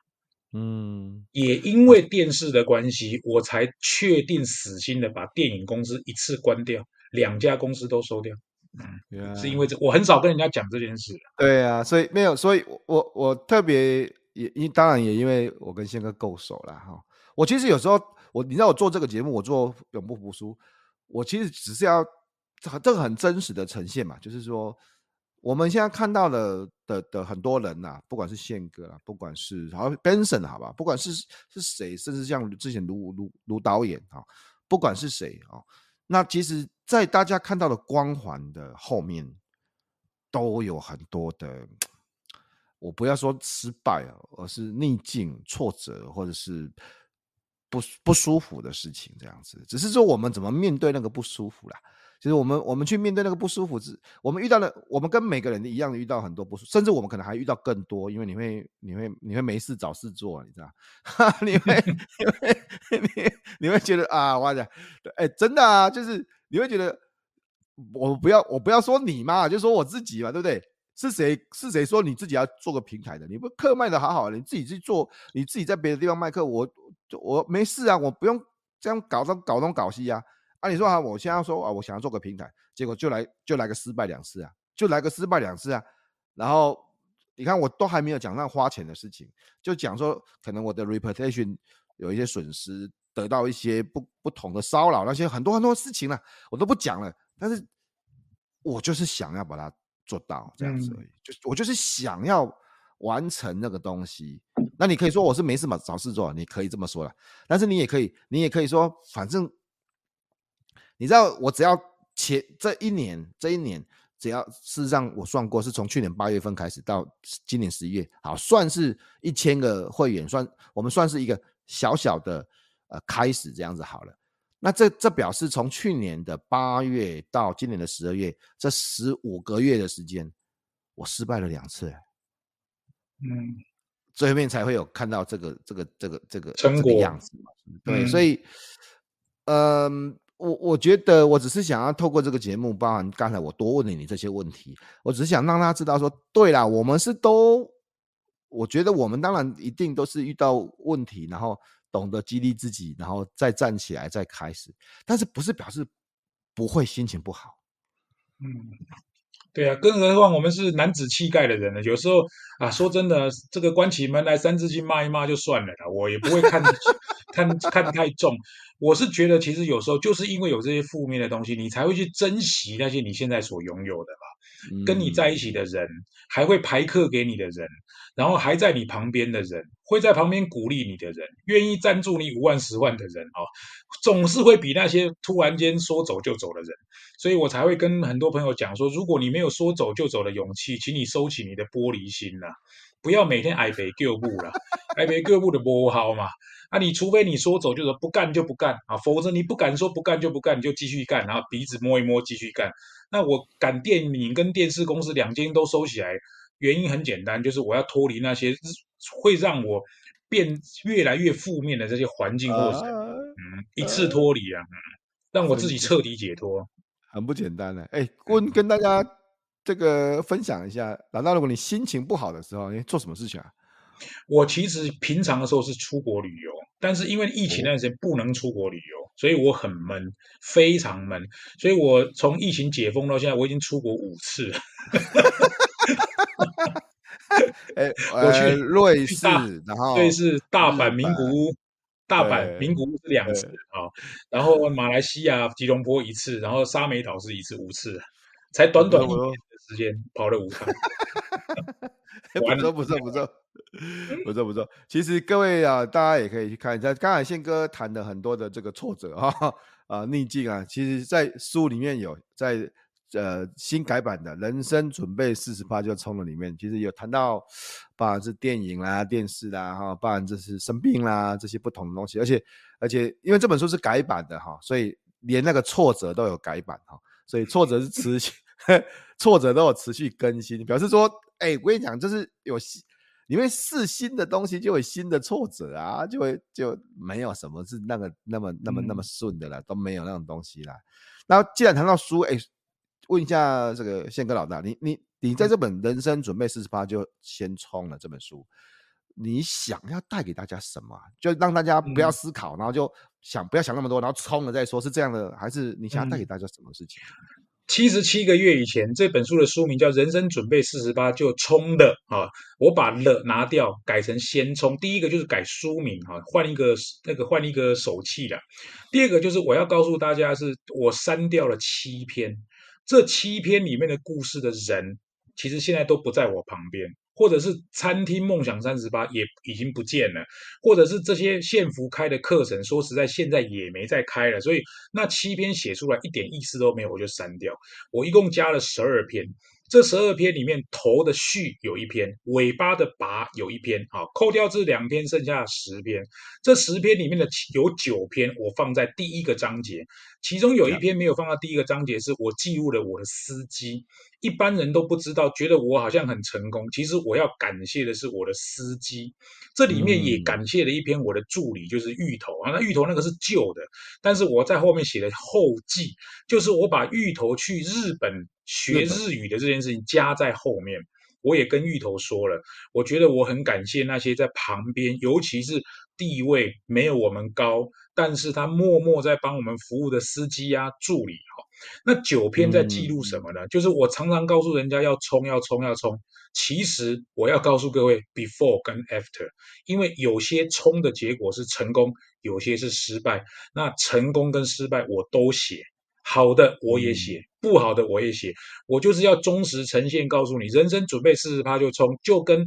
嗯，也因為電視的關係，我才確定死心的把電影公司一次關掉，兩家公司都收掉。嗯，yeah. 原來是因為這，我很少跟人家講這件事。對啊，所以沒有，所以我我特別也因當然也因為我跟憲哥夠熟了哈，我其實有時候我你知道我做這個節目，我做永不服輸，我其實只是要這個很真實的呈現嘛，就是說。我們現在看到的的的很多人吶、啊，不管是憲哥了、啊，不管是好 Benson 好吧，不管是是誰，甚至像之前盧盧盧導演啊，不管是誰啊，那其實，在大家看到的光環的後面，都有很多的，我不要說失敗啊，而是逆境、挫折，或者是不不舒服的事情這樣子。只是說，我們怎麼面對那個不舒服啦。其實我們我們去面對那個不舒服，是我們遇到了，我們跟每個人一樣遇到很多不舒服，甚至我們可能還遇到更多，因為你會你會你會沒事找事做、啊，你知道？ (laughs) 你會 (laughs) 你會你會，你會覺得啊，我講，哎、欸，真的啊，就是你會覺得我不要我不要說你嘛，就說我自己嘛，對不對？是誰是誰說你自己要做個平台的？你不課賣的好好、啊，你自己去做，你自己在別的地方賣課。我我沒事啊，我不用這樣搞東搞東搞西啊。啊，你說啊，我現在說啊，我想要做個平台，結果就來就來個失敗兩次啊，就來個失敗兩次啊。然後你看，我都還沒有講那花錢的事情，就講說可能我的 reputation 有一些損失，得到一些不不同的騷擾，那些很多很多事情啊，我都不講了。但是，我就是想要把它做到這樣子而已、嗯，就我就是想要完成那個東西。那你可以說我是沒什麼找事做，你可以這麼說了。但是你也可以，你也可以說反正。你知道，我只要前這一年，這一年，只要事實上我算過，是從去年八月份開始到今年十一月，好，算是一千個會員，算我們算是一個小小的呃開始，這樣子好了。那這這表示從去年的八月到今年的十二月，這十五個月的時間，我失敗了兩次。嗯，最後面才會有看到這個這個這個這個,這個成果這個樣子。嗯、對，所以，嗯。我我覺得我只是想要透過這個節目，包含剛才我多問了你這些問題，我只是想讓大家知道說，對啦，我們是都，我覺得我們當然一定都是遇到問題，然後懂得激勵自己，然後再站起來再開始，但是不是表示不會心情不好？嗯。對啊，更何況我們是男子氣概的人呢。有時候啊，說真的，這個關起門來三字經罵一罵就算了啦，我也不會看， (laughs) 看看太重。我是覺得，其實有時候就是因為有這些負面的東西，你才會去珍惜那些你現在所擁有的。跟你在一起的人，嗯、還會排課給你的人，然後還在你旁邊的人，會在旁邊鼓勵你的人，願意贊助你五萬十萬的人啊、哦，總是會比那些突然間說走就走的人。所以我才會跟很多朋友講說，如果你沒有說走就走的勇氣，請你收起你的玻璃心啦、啊，不要每天哀爸叫母了，哀爸叫母的無效嘛。啊，你除非你說走，就走，不幹就不幹啊，否則你不敢說不幹就不幹，你就繼續幹，然後鼻子摸一摸繼續幹。那我幹電影跟電視公司兩間都收起來，原因很簡單，就是我要脫離那些會讓我變越來越負面的這些環境或什、啊、嗯，一次脫離啊，啊，讓我自己徹底解脫。很不簡單的，哎，跟跟大家這個分享一下，難道如果你心情不好的時候，你做什麼事情啊？我其實平常的時候是出國旅遊。但是因為疫情那段時間不能出國旅遊，哦，所以我很悶，非常悶。所以我從疫情解封到現在，我已經出國五次 (laughs) (laughs) 欸，呃。我去瑞士，然後瑞士大阪名古屋，大阪名、欸、古屋是兩次啊、欸，然後馬來西亞吉隆坡一次，然後沙美島是一次，五次。才短短不多時間、嗯嗯、跑了五分。 (laughs) 不錯不錯不錯、嗯、不錯不錯，不錯。其實各位啊，大家也可以去看一下。剛才憲哥談的很多的這個挫折哈、哦，啊、呃、逆境啊，其實，在書裡面有在呃新改版的《人生準備四十趴就衝了》裡面，其實有談到，不管是電影啦、電視啦，哈，當然這是生病啦這些不同的東西，而且而且因為這本書是改版的哈、哦，所以連那個挫折都有改版哈、哦。所以挫折是持續， (laughs) 挫折都有持續更新，表示說，哎，我跟你講，就是有新，因為試新的東西，就有新的挫折啊，就會就沒有什麼是那個那麼那麼那麼，那麼順的了、嗯，都沒有那種東西了。然後既然談到書，哎，問一下這個憲哥老大，你你你在這本《人生準備40%》就先衝了這本書。嗯你想要帶給大家什麼？就讓大家不要思考，嗯、然後就想不要想那麼多，然後衝了再說，是這樣的還是你想要帶給大家什麼事情？七十七個月以前，這本書的書名叫《人生準備40%》，就衝了啊！我把了拿掉，改成先衝。第一個就是改書名啊，換一個那個換一個手氣的。第二個就是我要告訴大家，是我刪掉了七篇，這七篇裡面的故事的人，其實現在都不在我旁邊。或者是餐廳夢想三十八也已經不見了，或者是這些憲福開的課程，說實在現在也沒再開了。所以那七篇寫出來一點意思都沒有，我就刪掉。我一共加了十二篇，這十二篇裡面頭的序有一篇，尾巴的跋有一篇，啊，扣掉這兩篇，剩下十篇。這十篇裡面的有九篇我放在第一個章節，其中有一篇沒有放到第一個章節，是我記錄了我的司機。一般人都不知道，覺得我好像很成功。其實我要感謝的是我的司機，這裡面也感謝了一篇我的助理，嗯、就是芋頭啊。那芋頭那個是舊的，但是我在後面寫的後記，就是我把芋頭去日本學日語的這件事情加在後面。我也跟芋頭說了，我覺得我很感謝那些在旁邊，尤其是地位沒有我們高。但是他默默在幫我們服務的司機呀、啊、助理哈、哦，那九篇在記錄什麼呢？就是我常常告訴人家要衝、要衝、要衝。其實我要告訴各位 before 跟 after，因為有些衝的結果是成功，有些是失敗。那成功跟失敗我都寫，好的我也寫，不好的我也寫。我就是要忠實呈現，告訴你人生準備四十趴就衝，就跟。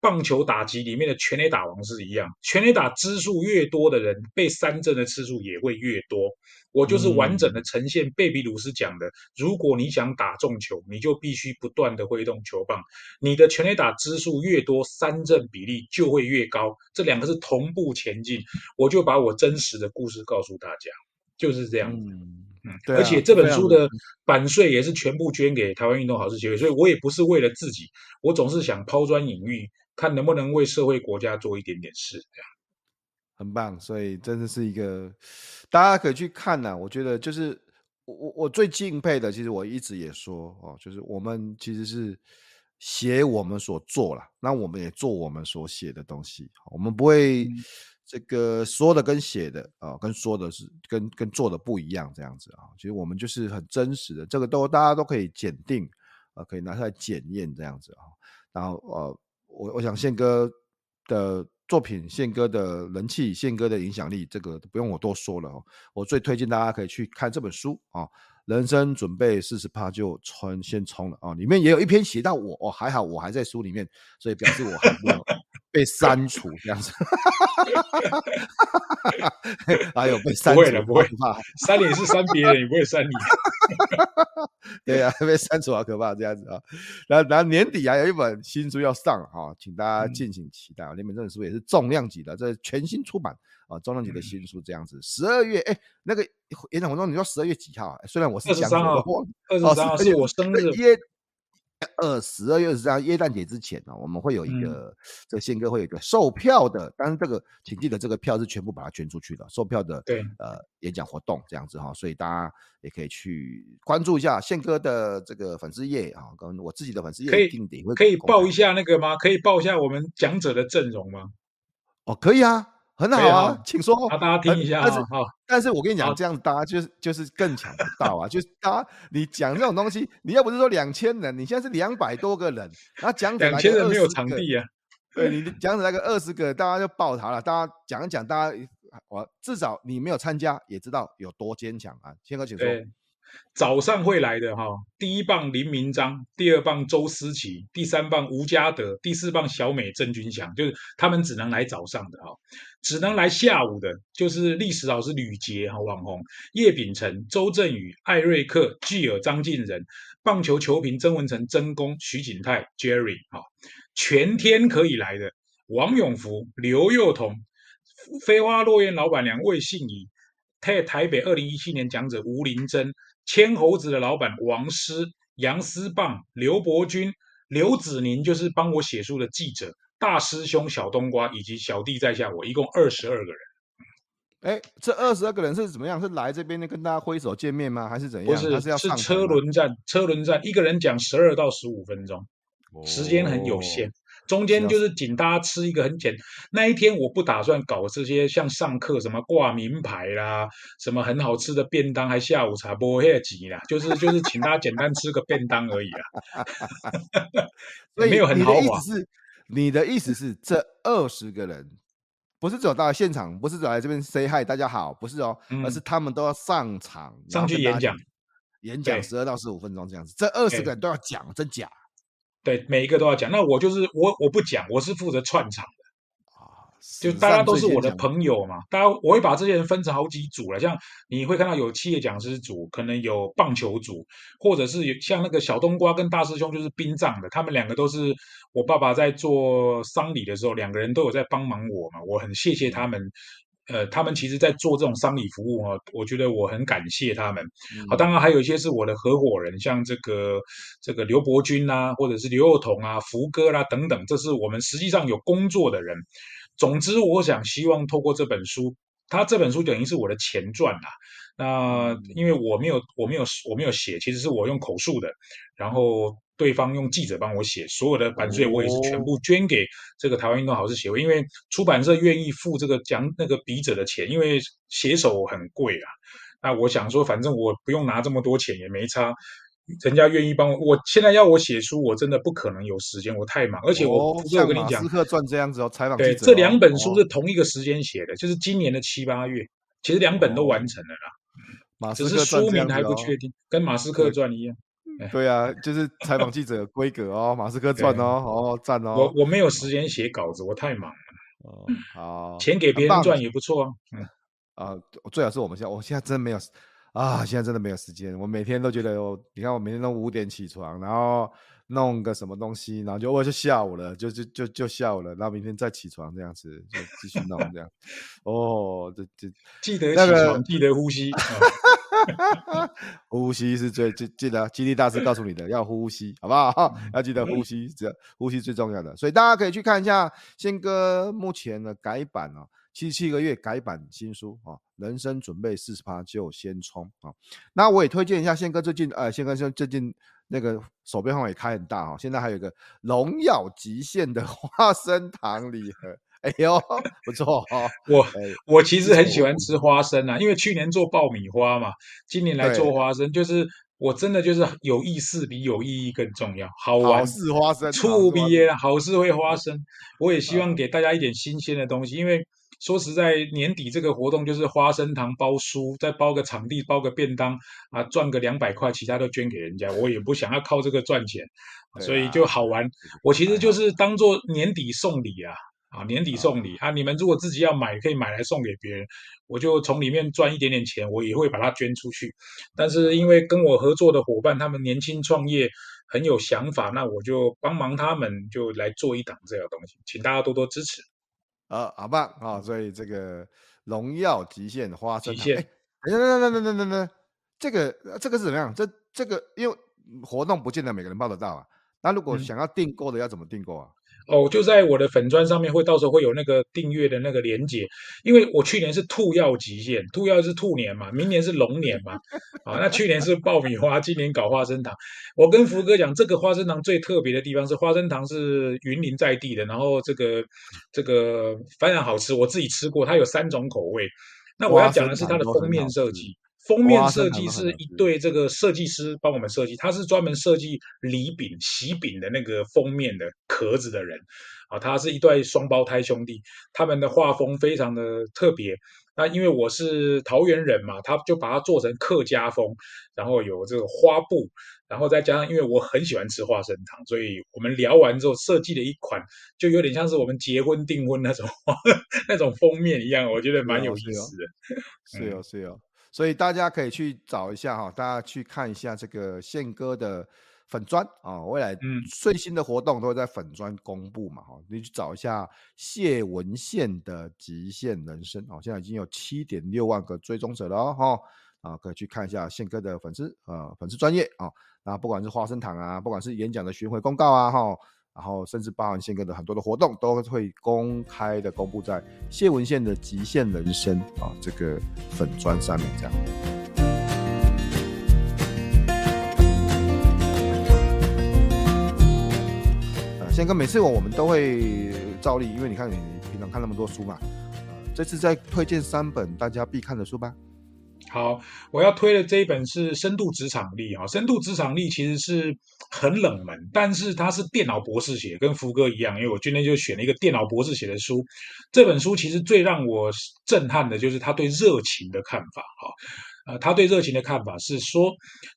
棒球打擊裡面的全壘打王是一樣，全壘打支數越多的人，被三振的次數也會越多。我就是完整的呈現貝比魯斯講的：如果你想打中球，你就必須不斷的揮動球棒。你的全壘打支數越多，三振比例就會越高。這兩個是同步前進。我就把我真實的故事告訴大家，就是這樣。嗯，對。而且這本書的版稅也是全部捐給台灣運動好事協會，所以我也不是為了自己。我總是想拋磚引玉。看能不能為社會國家做一點點事，這樣很棒。所以真的是一個，大家可以去看呢、啊。我覺得就是我我最敬佩的，其實我一直也說哦，就是我們其實是寫我們所做了，那我們也做我們所寫的東西。我們不會這個說的跟寫的啊，跟說的是跟跟做的不一樣這樣子啊。其實我們就是很真實的，這個都大家都可以檢定啊，可以拿出來檢驗這樣子啊。然後呃。我我想憲哥的作品、憲哥的人氣、憲哥的影響力，這個不用我多說了哦。我最推薦大家可以去看這本書啊。人生準備四十趴就衝，先衝了啊、哦！裡面也有一篇寫到我哦，還好我還在書裡面，所以表示我還沒有被刪除這樣子。哪 (laughs) 有、 (laughs) 哎、被刪除？不會的，不會了，不會，不怕。刪你是刪別人， (laughs) 你不會刪你。 (laughs) 對啊，被刪除啊，可怕這樣子啊！然後，然後年底還、啊、有一本新書要上哈，請大家敬請期待啊、嗯！這本書也是重量級的，這是全新出版。啊，重量級的新書這樣子、嗯，十二月哎，那個演講活動，你說十二月幾號、欸？雖然我是想，二十三號，二十三號，而、哦、且我生日耶，十二月二十三，耶誕節之前呢、哦，我們會有一個、嗯、這個憲哥會有一個售票的，但是這個請記得這個票是全部把它捐出去的，售票的對，呃，演講活動這樣子哈、哦，所以大家也可以去關注一下憲哥的這個粉絲頁啊，跟我自己的粉絲頁可以定可以報一下那個嗎？可以報一下我們講者的陣容嗎？哦，可以啊。很好啊，啊請說、啊，大家聽一下、啊嗯啊。但是、啊，但是我跟你講、啊，這樣大家就是就是更搶不到啊，啊！就是大家你講這種東西， (laughs) 你要不是說兩千人，你現在是兩百多個人，然後講起來個個。兩千人沒有場地啊！對，對你講起來個二十個，大家就爆他了。大家講一講，大家我至少你沒有參加，也知道有多堅強啊！憲哥，請說。早上會來的哈，第一棒林明樟，第二棒周思齊，第三棒吳家德，第四棒小美鄭君祥，就是他們只能來早上的哈，只能來下午的，就是歷史老師呂捷哈，網紅葉丙成、周振宇、艾瑞克、巨耳、張晉仁，棒球球評曾文誠、曾公、徐景泰、Jerry 哈，全天可以來的王永福、劉幼彤、飛花落雁老闆娘魏信儀，TED 台北二零一七年講者吳林珍。千猴子的老闆王師、楊思棒、劉伯鈞、劉子寧就是幫我寫書的記者，大師兄小冬瓜以及小弟在下我，我一共二十二個人。哎、欸，這二十二個人是怎麼樣？是來這邊跟大家揮手見面嗎？還是怎樣？是，是是車輪戰。車輪戰，一個人講十二到十五分鐘，時間很有限。哦。中間就是請大家吃一個很簡單，那一天我不打算搞這些，像上課什麼掛名牌啦，什麼很好吃的便當，還下午茶不會擠啦，就是就是請大家簡單吃個便當而已啊 (laughs) (laughs) 所以沒有很豪華。是你的意思是，這二十個人不是走到現場，不是走來這邊 say hi 大家好，不是哦，而是他們都要上場上去演講，演講十二到十五分鐘這樣子，這二十個人都要講，真假？對，每一個都要講。那我就是我，我不講，我是負責串場的啊。就大家都是我的朋友嘛，友嘛大家我會把這些人分成好幾組了。像你會看到有企業講師組，可能有棒球組，或者是像那個小冬瓜跟大師兄就是殯葬的，他們兩個都是我爸爸在做喪禮的時候，兩個人都有在幫忙我嘛，我很謝謝他們。呃，他們其實，在做這種商禮服務啊，我覺得我很感謝他們。好、嗯啊，當然還有一些是我的合夥人，像這個這個劉柏君吶、啊，或者是劉宥彤啊、福哥啦、啊、等等，這是我們實際上有工作的人。總之，我想希望透過這本書，他這本書等於是我的前傳啦、啊。那因為我沒、嗯、我沒有，我沒有，我沒有寫，其實是我用口述的。然後。對方用記者幫我寫，所有的版稅我也是全部捐給這個台灣運動好事協會，哦。因為出版社願意付這個講那個筆者的錢，因為寫手很貴啊。那我想說，反正我不用拿這麼多錢也沒差，人家願意幫我。我現在要我寫書，我真的不可能有時間，我太忙。而且我，我跟你講，馬斯克傳這樣子哦，哦哦，對，這兩本書是同一個時間寫的，哦，就是今年的七八月，其實兩本都完成了啦，哦哦，只是書名還不確定，跟馬斯克傳一樣。嗯對啊，就是採訪記者的規格哦，馬斯克賺哦，哦賺哦。我我沒有時間寫稿子，我太忙了。哦，好，錢給別人賺也不錯、啊啊。嗯啊，最好是我們現在，我現在真的沒有啊，現在真的沒有時間。我每天都覺得，哦你看，我每天都五點起床，然後弄個什麼東西，然後就我就下午了，就就就就下午了，然後明天再起床這樣子，就繼續弄這樣。 (laughs) 哦，這這記得起床，那個，記得呼吸。嗯 (laughs) (laughs) 呼吸是最最記得，激勵大師告訴你的，要呼吸，好不好？ (laughs) 要記得呼吸，呼吸最重要的。所以大家可以去看一下，憲哥目前的改版哦，七七個月改版新書哦，人生準備四十趴就先衝啊！那我也推薦一下憲哥最近呃，憲哥最近那個手邊好像也開很大哈，現在還有一個榮耀極限的花生糖禮盒。哎呦，不錯 (laughs) 我、哎、我其實很喜歡吃花生吶、啊，因為去年做爆米花嘛，今年來做花生，就是我真的就是有意思比有意義更重要，好玩。好事花生，出畢業，好事會花生。我也希望給大家一點新鮮的東西，因為說實在，年底這個活動就是花生糖包書，再包個場地，包個便當啊，賺個兩百塊，其他都捐給人家。我也不想要靠這個賺錢，所以就好玩。啊、我其實就是當做年底送禮啊。啊，年底送禮啊！你們如果自己要買，可以買來送給別人，我就從裡面賺一點點錢，我也會把它捐出去。但是因為跟我合作的夥伴，他們年輕創業，很有想法，那我就幫忙他們，就來做一檔這樣的東西，請大家多多支持。啊，好棒啊！所以這個榮耀極限花生，極限，哎，那那那那那那，這個這個是怎麼樣？這這個因為活動不見得每個人報得到啊，那如果想要訂購的要怎麼訂購啊？嗯哦、oh，就在我的粉專上面會到時候會有那個訂閱的那個連結，因為我去年是兔藥極限，兔藥是兔年嘛，明年是龍年嘛， (laughs) 啊，那去年是爆米花， (laughs) 今年搞花生糖。我跟福哥講，這個花生糖最特別的地方是花生糖是雲林在地的，然後這個這個非常好吃，我自己吃過，它有三種口味。那我要講的是它的封面設計。封面設計是一對這個設計師幫我們設計，他是專門設計禮餅喜餅的那個封面的殼子的人啊，他是一對雙胞胎兄弟，他們的畫風非常的特別。那因為我是桃園人嘛，他就把它做成客家風，然後有這個花布，然後再加上因為我很喜歡吃花生糖，所以我們聊完之後設計了一款，就有點像是我們結婚訂婚那種 (laughs) 那種封面一樣，我覺得蠻有意思的。是哦，是哦。嗯。是哦，是哦。所以大家可以去找一下哈，大家去看一下這個憲哥的粉專啊，未來最新的活動都會在粉專公布嘛哈、嗯，你去找一下謝文憲的極限人生，現在已經有七點六萬個追蹤者了哈，啊，可以去看一下憲哥的粉絲呃粉絲專業啊，那不管是花生糖啊，不管是演講的巡迴公告啊哈。然後，甚至包含憲哥的很多的活動，都會公開的公布在謝文憲的極限人生啊這個粉專上面，這樣。啊。憲哥，每次我我們都會照例，因為你看你平常看那麼多書嘛，這次再推薦三本大家必看的書吧！好，我要推的這一本是深度職場力《深度職場力》哈，《深度職場力》其實是很冷門，但是它是電腦博士寫，跟福哥一樣，因為我今天就選了一個電腦博士寫的書。這本書其實最讓我震撼的就是他對熱情的看法哈，呃，他對熱情的看法是說，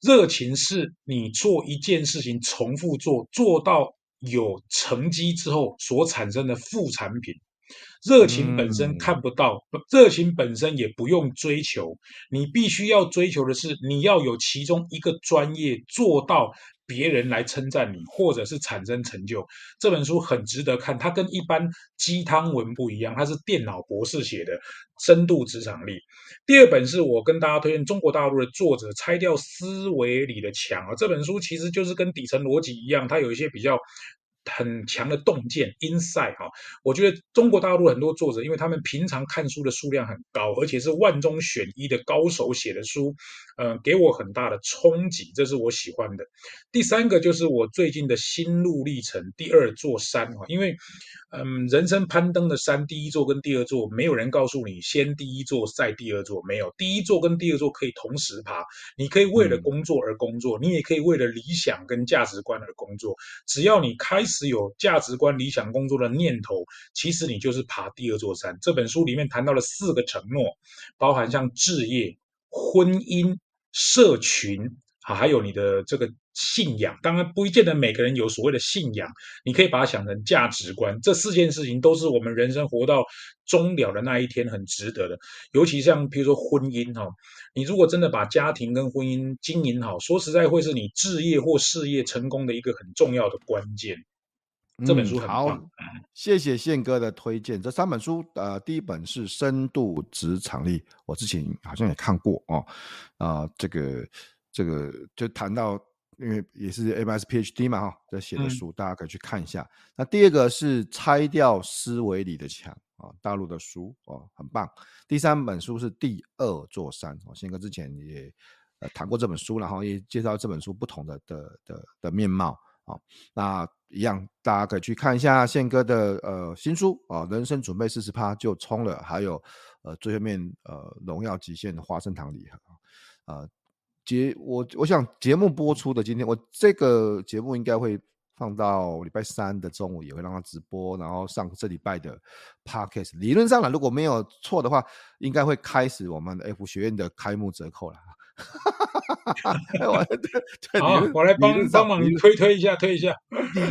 熱情是你做一件事情重複做，做到有成績之後所產生的副產品。熱情本身看不到，嗯、熱情本身也不用追求。你必須要追求的是，你要有其中一個專業做到別人來稱讚你，或者是產生成就。這本書很值得看，它跟一般雞湯文不一樣，它是電腦博士寫的《深度職場力》。第二本是我跟大家推薦中國大陸的作者《拆掉思維裡的牆》啊，這本書其實就是跟底層邏輯一樣，它有一些比較很強的洞見，inside 哈、啊，我覺得中國大陸很多作者，因為他們平常看書的數量很高，而且是萬中選一的高手寫的書，嗯、呃，給我很大的衝擊，這是我喜歡的。第三個就是我最近的心路歷程，第二座山哈、啊，因為嗯，人生攀登的山，第一座跟第二座，沒有人告訴你先第一座再第二座，沒有，第一座跟第二座可以同時爬，你可以為了工作而工作，嗯、你也可以為了理想跟價值觀而工作，只要你開始。是有價值觀、理想工作的念頭，其實你就是爬第二座山。這本書裡面談到了四個承諾，包含像置業、婚姻、社群，啊，還有你的這個信仰。當然，不一見得每個人有所謂的信仰，你可以把它想成價值觀。這四件事情都是我們人生活到終了的那一天很值得的。尤其像譬如說婚姻哈，啊，你如果真的把家庭跟婚姻經營好，說實在會是你置業或事業成功的一個很重要的關鍵。這本書、嗯、好，謝謝憲哥的推薦。這三本書，呃，第一本是《深度職場力》，我之前好像也看過哦，啊、呃，這個這個就談到，因為也是 M.S.P.H.D. 嘛，哈、哦，在寫的書、嗯，大家可以去看一下。那第二個是《拆掉思維裡的牆》啊、哦，大陸的書哦，很棒。第三本書是《第二座山》哦，憲哥之前也、呃、談過這本書，然後也介紹這本書不同的的的的面貌啊、哦，那。一樣，大家可以去看一下憲哥的呃新書啊，呃《人生準備四十趴》就衝了，還有呃最後面呃《榮耀極限的花生糖禮盒》啊、呃、節我我想節目播出的今天，我這個節目應該會放到禮拜三的中午，也會讓他直播，然後上這禮拜的 podcast。理論上來，如果沒有錯的話，應該會開始我們 F 學院的開幕折扣了哈。 (laughs) 哈 (laughs) 哈對， (laughs) 我我來幫幫忙，你推推一下，推一下。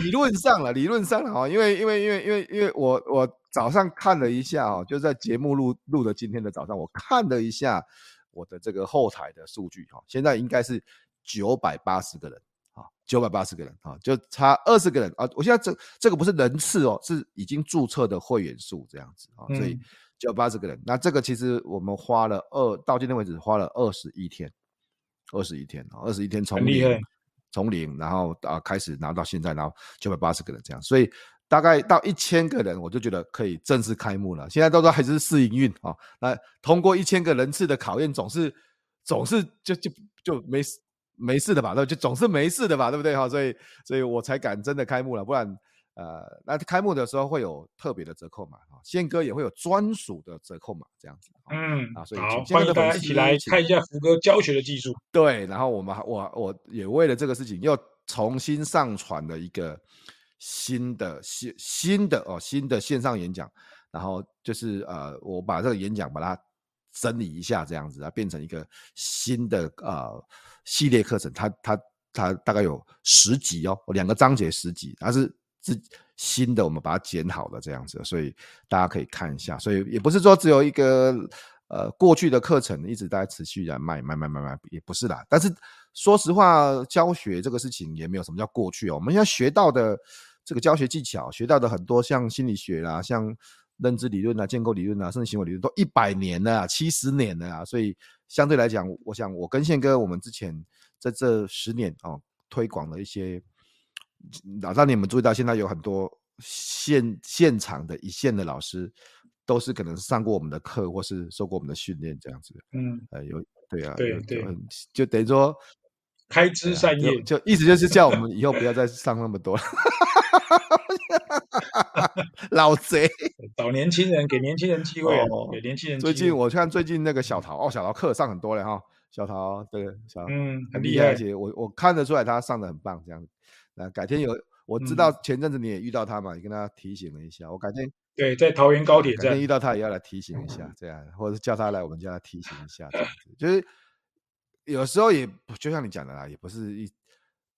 理論上了，理論上了啊！因為因為因為因為因為我我早上看了一下啊，就在節目錄錄的今天的早上，我看了一下我的這個後台的數據哈，現在應該是九百八十個人啊，九百八十個人啊，就差二十個人啊。我現在這這個不是人次哦，是已經注冊的會員數這樣子啊，所以九百八十個人，嗯。那這個其實我們花了二到今天為止花了二十一天。二十一天，二十一天從零從零，然後啊開始拿到現在拿九百八十個人這樣，所以大概到一千個人，我就覺得可以正式開幕了。現在都說還是試營運啊，那通過一千個人次的考驗，總是總是就就就沒事沒事的吧？那就總是沒事的吧？對不對哈？所以所以我才敢真的開幕了，不然。呃，那開幕的時候會有特別的折扣碼哈、哦，憲哥也會有專屬的折扣碼這樣子、哦。嗯，啊，所以好，歡迎大家一起來看一下福哥教學的技術。對，然後我們我我也為了這個事情又重新上傳了一個新的新新的哦新的線上演講，然後就是呃我把這個演講把它整理一下，這樣子啊變成一個新的呃系列課程，它它它大概有十集哦，兩個章節十集，它是。是新的，我們把它剪好了這樣子，所以大家可以看一下。所以也不是說只有一個呃過去的課程一直在持續在賣賣賣賣賣，也不是啦。但是說實話，教學這個事情也沒有什麼叫過去哦。我們現在學到的這個教學技巧，學到的很多像心理學啦、像認知理論啦，建構理論啦，甚至行為理論都一百年了、七十年了啊。所以相對來講，我想我跟憲哥我們之前在這十年啊推廣的一些。老張，你們注意到現在有很多現現場的一線的老師，都是可能上過我們的課，或是受過我們的訓練這樣子。嗯、啊、哎，有對啊，對對就，就等於說開枝散葉，啊，就意思就是叫我們以後不要再上那麼多了。 (laughs) (laughs) 老賊找年輕人，給年輕人機會，哦，給年輕人機會。最近我看最近那個小陶哦，小陶課上很多了哈。小陶對小陶嗯很厲害，厲害，而且我我看得出來他上得很棒，這樣那改天有，我知道前陣子你也遇到他嘛，你跟他提醒了一下我、嗯。我改天對，在桃園高鐵站改天遇到他也要來提醒一下，這樣，或者叫他來我們家提醒一下，這樣子。就是有時候也就像你講的啦，也不是一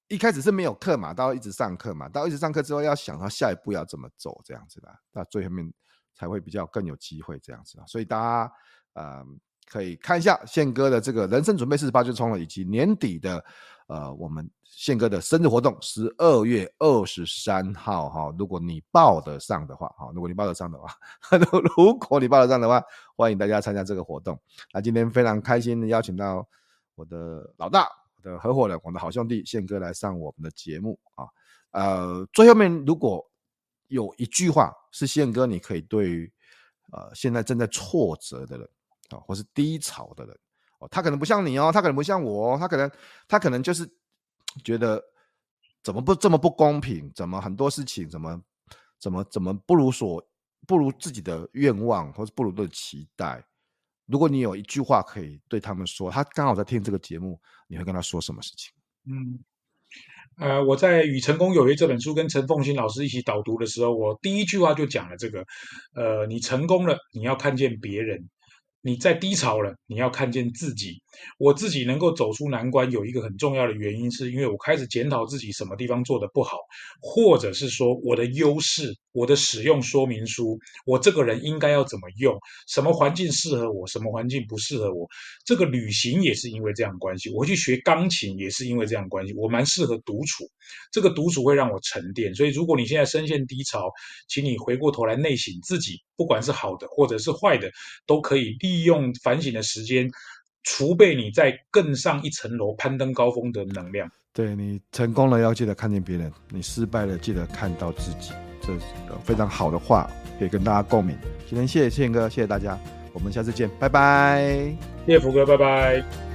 一開始是沒有課嘛，到一直上課嘛，到一直上課之後，要想到下一步要怎麼走，這樣子啦，到最後面才會比較更有機會這樣子。所以大家呃，可以看一下憲哥的這個人生準備40%就衝了，以及年底的。呃，我們憲哥的生日活動，十二月二十三號哈，如果你報得上的話，哈，如果你報得上的話，哈，如果你報得上的話，歡迎大家參加這個活動。那今天非常開心的邀請到我的老大、我的合夥人、我的好兄弟憲哥來上我們的節目啊。呃，最後面如果有一句話是憲哥，你可以對於呃現在正在挫折的人啊，或是低潮的人。他可能不像你哦，他可能不像我，哦，他可能他可能就是覺得怎麼不這麼不公平？怎麼很多事情怎麼怎麼怎麼不如所不如自己的願望，或者不如的期待？如果你有一句話可以對他們說，他剛好在聽這個節目，你會跟他說什麼事情？嗯，呃，我在《與成功有約》這本書跟陳鳳新老師一起導讀的時候，我第一句話就講了這個，呃，你成功了，你要看見別人。你在低潮了，你要看見自己。我自己能夠走出難關，有一個很重要的原因，是因為我開始檢討自己什麼地方做得不好，或者是說我的優勢、我的使用說明書，我這個人應該要怎麼用，什麼環境適合我，什麼環境不適合我。這個旅行也是因為這樣關係，我去學鋼琴也是因為這樣關係。我蠻適合獨處，這個獨處會讓我沉澱。所以，如果你現在深陷低潮，請你回過頭來內省自己，不管是好的或者是壞的，都可以利用反省的時間，儲備你在更上一層樓、攀登高峰的能量。對，你成功了，要記得看見別人；你失敗了，記得看到自己。這是一個非常好的話，可以跟大家共鳴。今天謝謝憲哥，謝謝大家，我們下次見，拜拜。謝謝福哥，拜拜。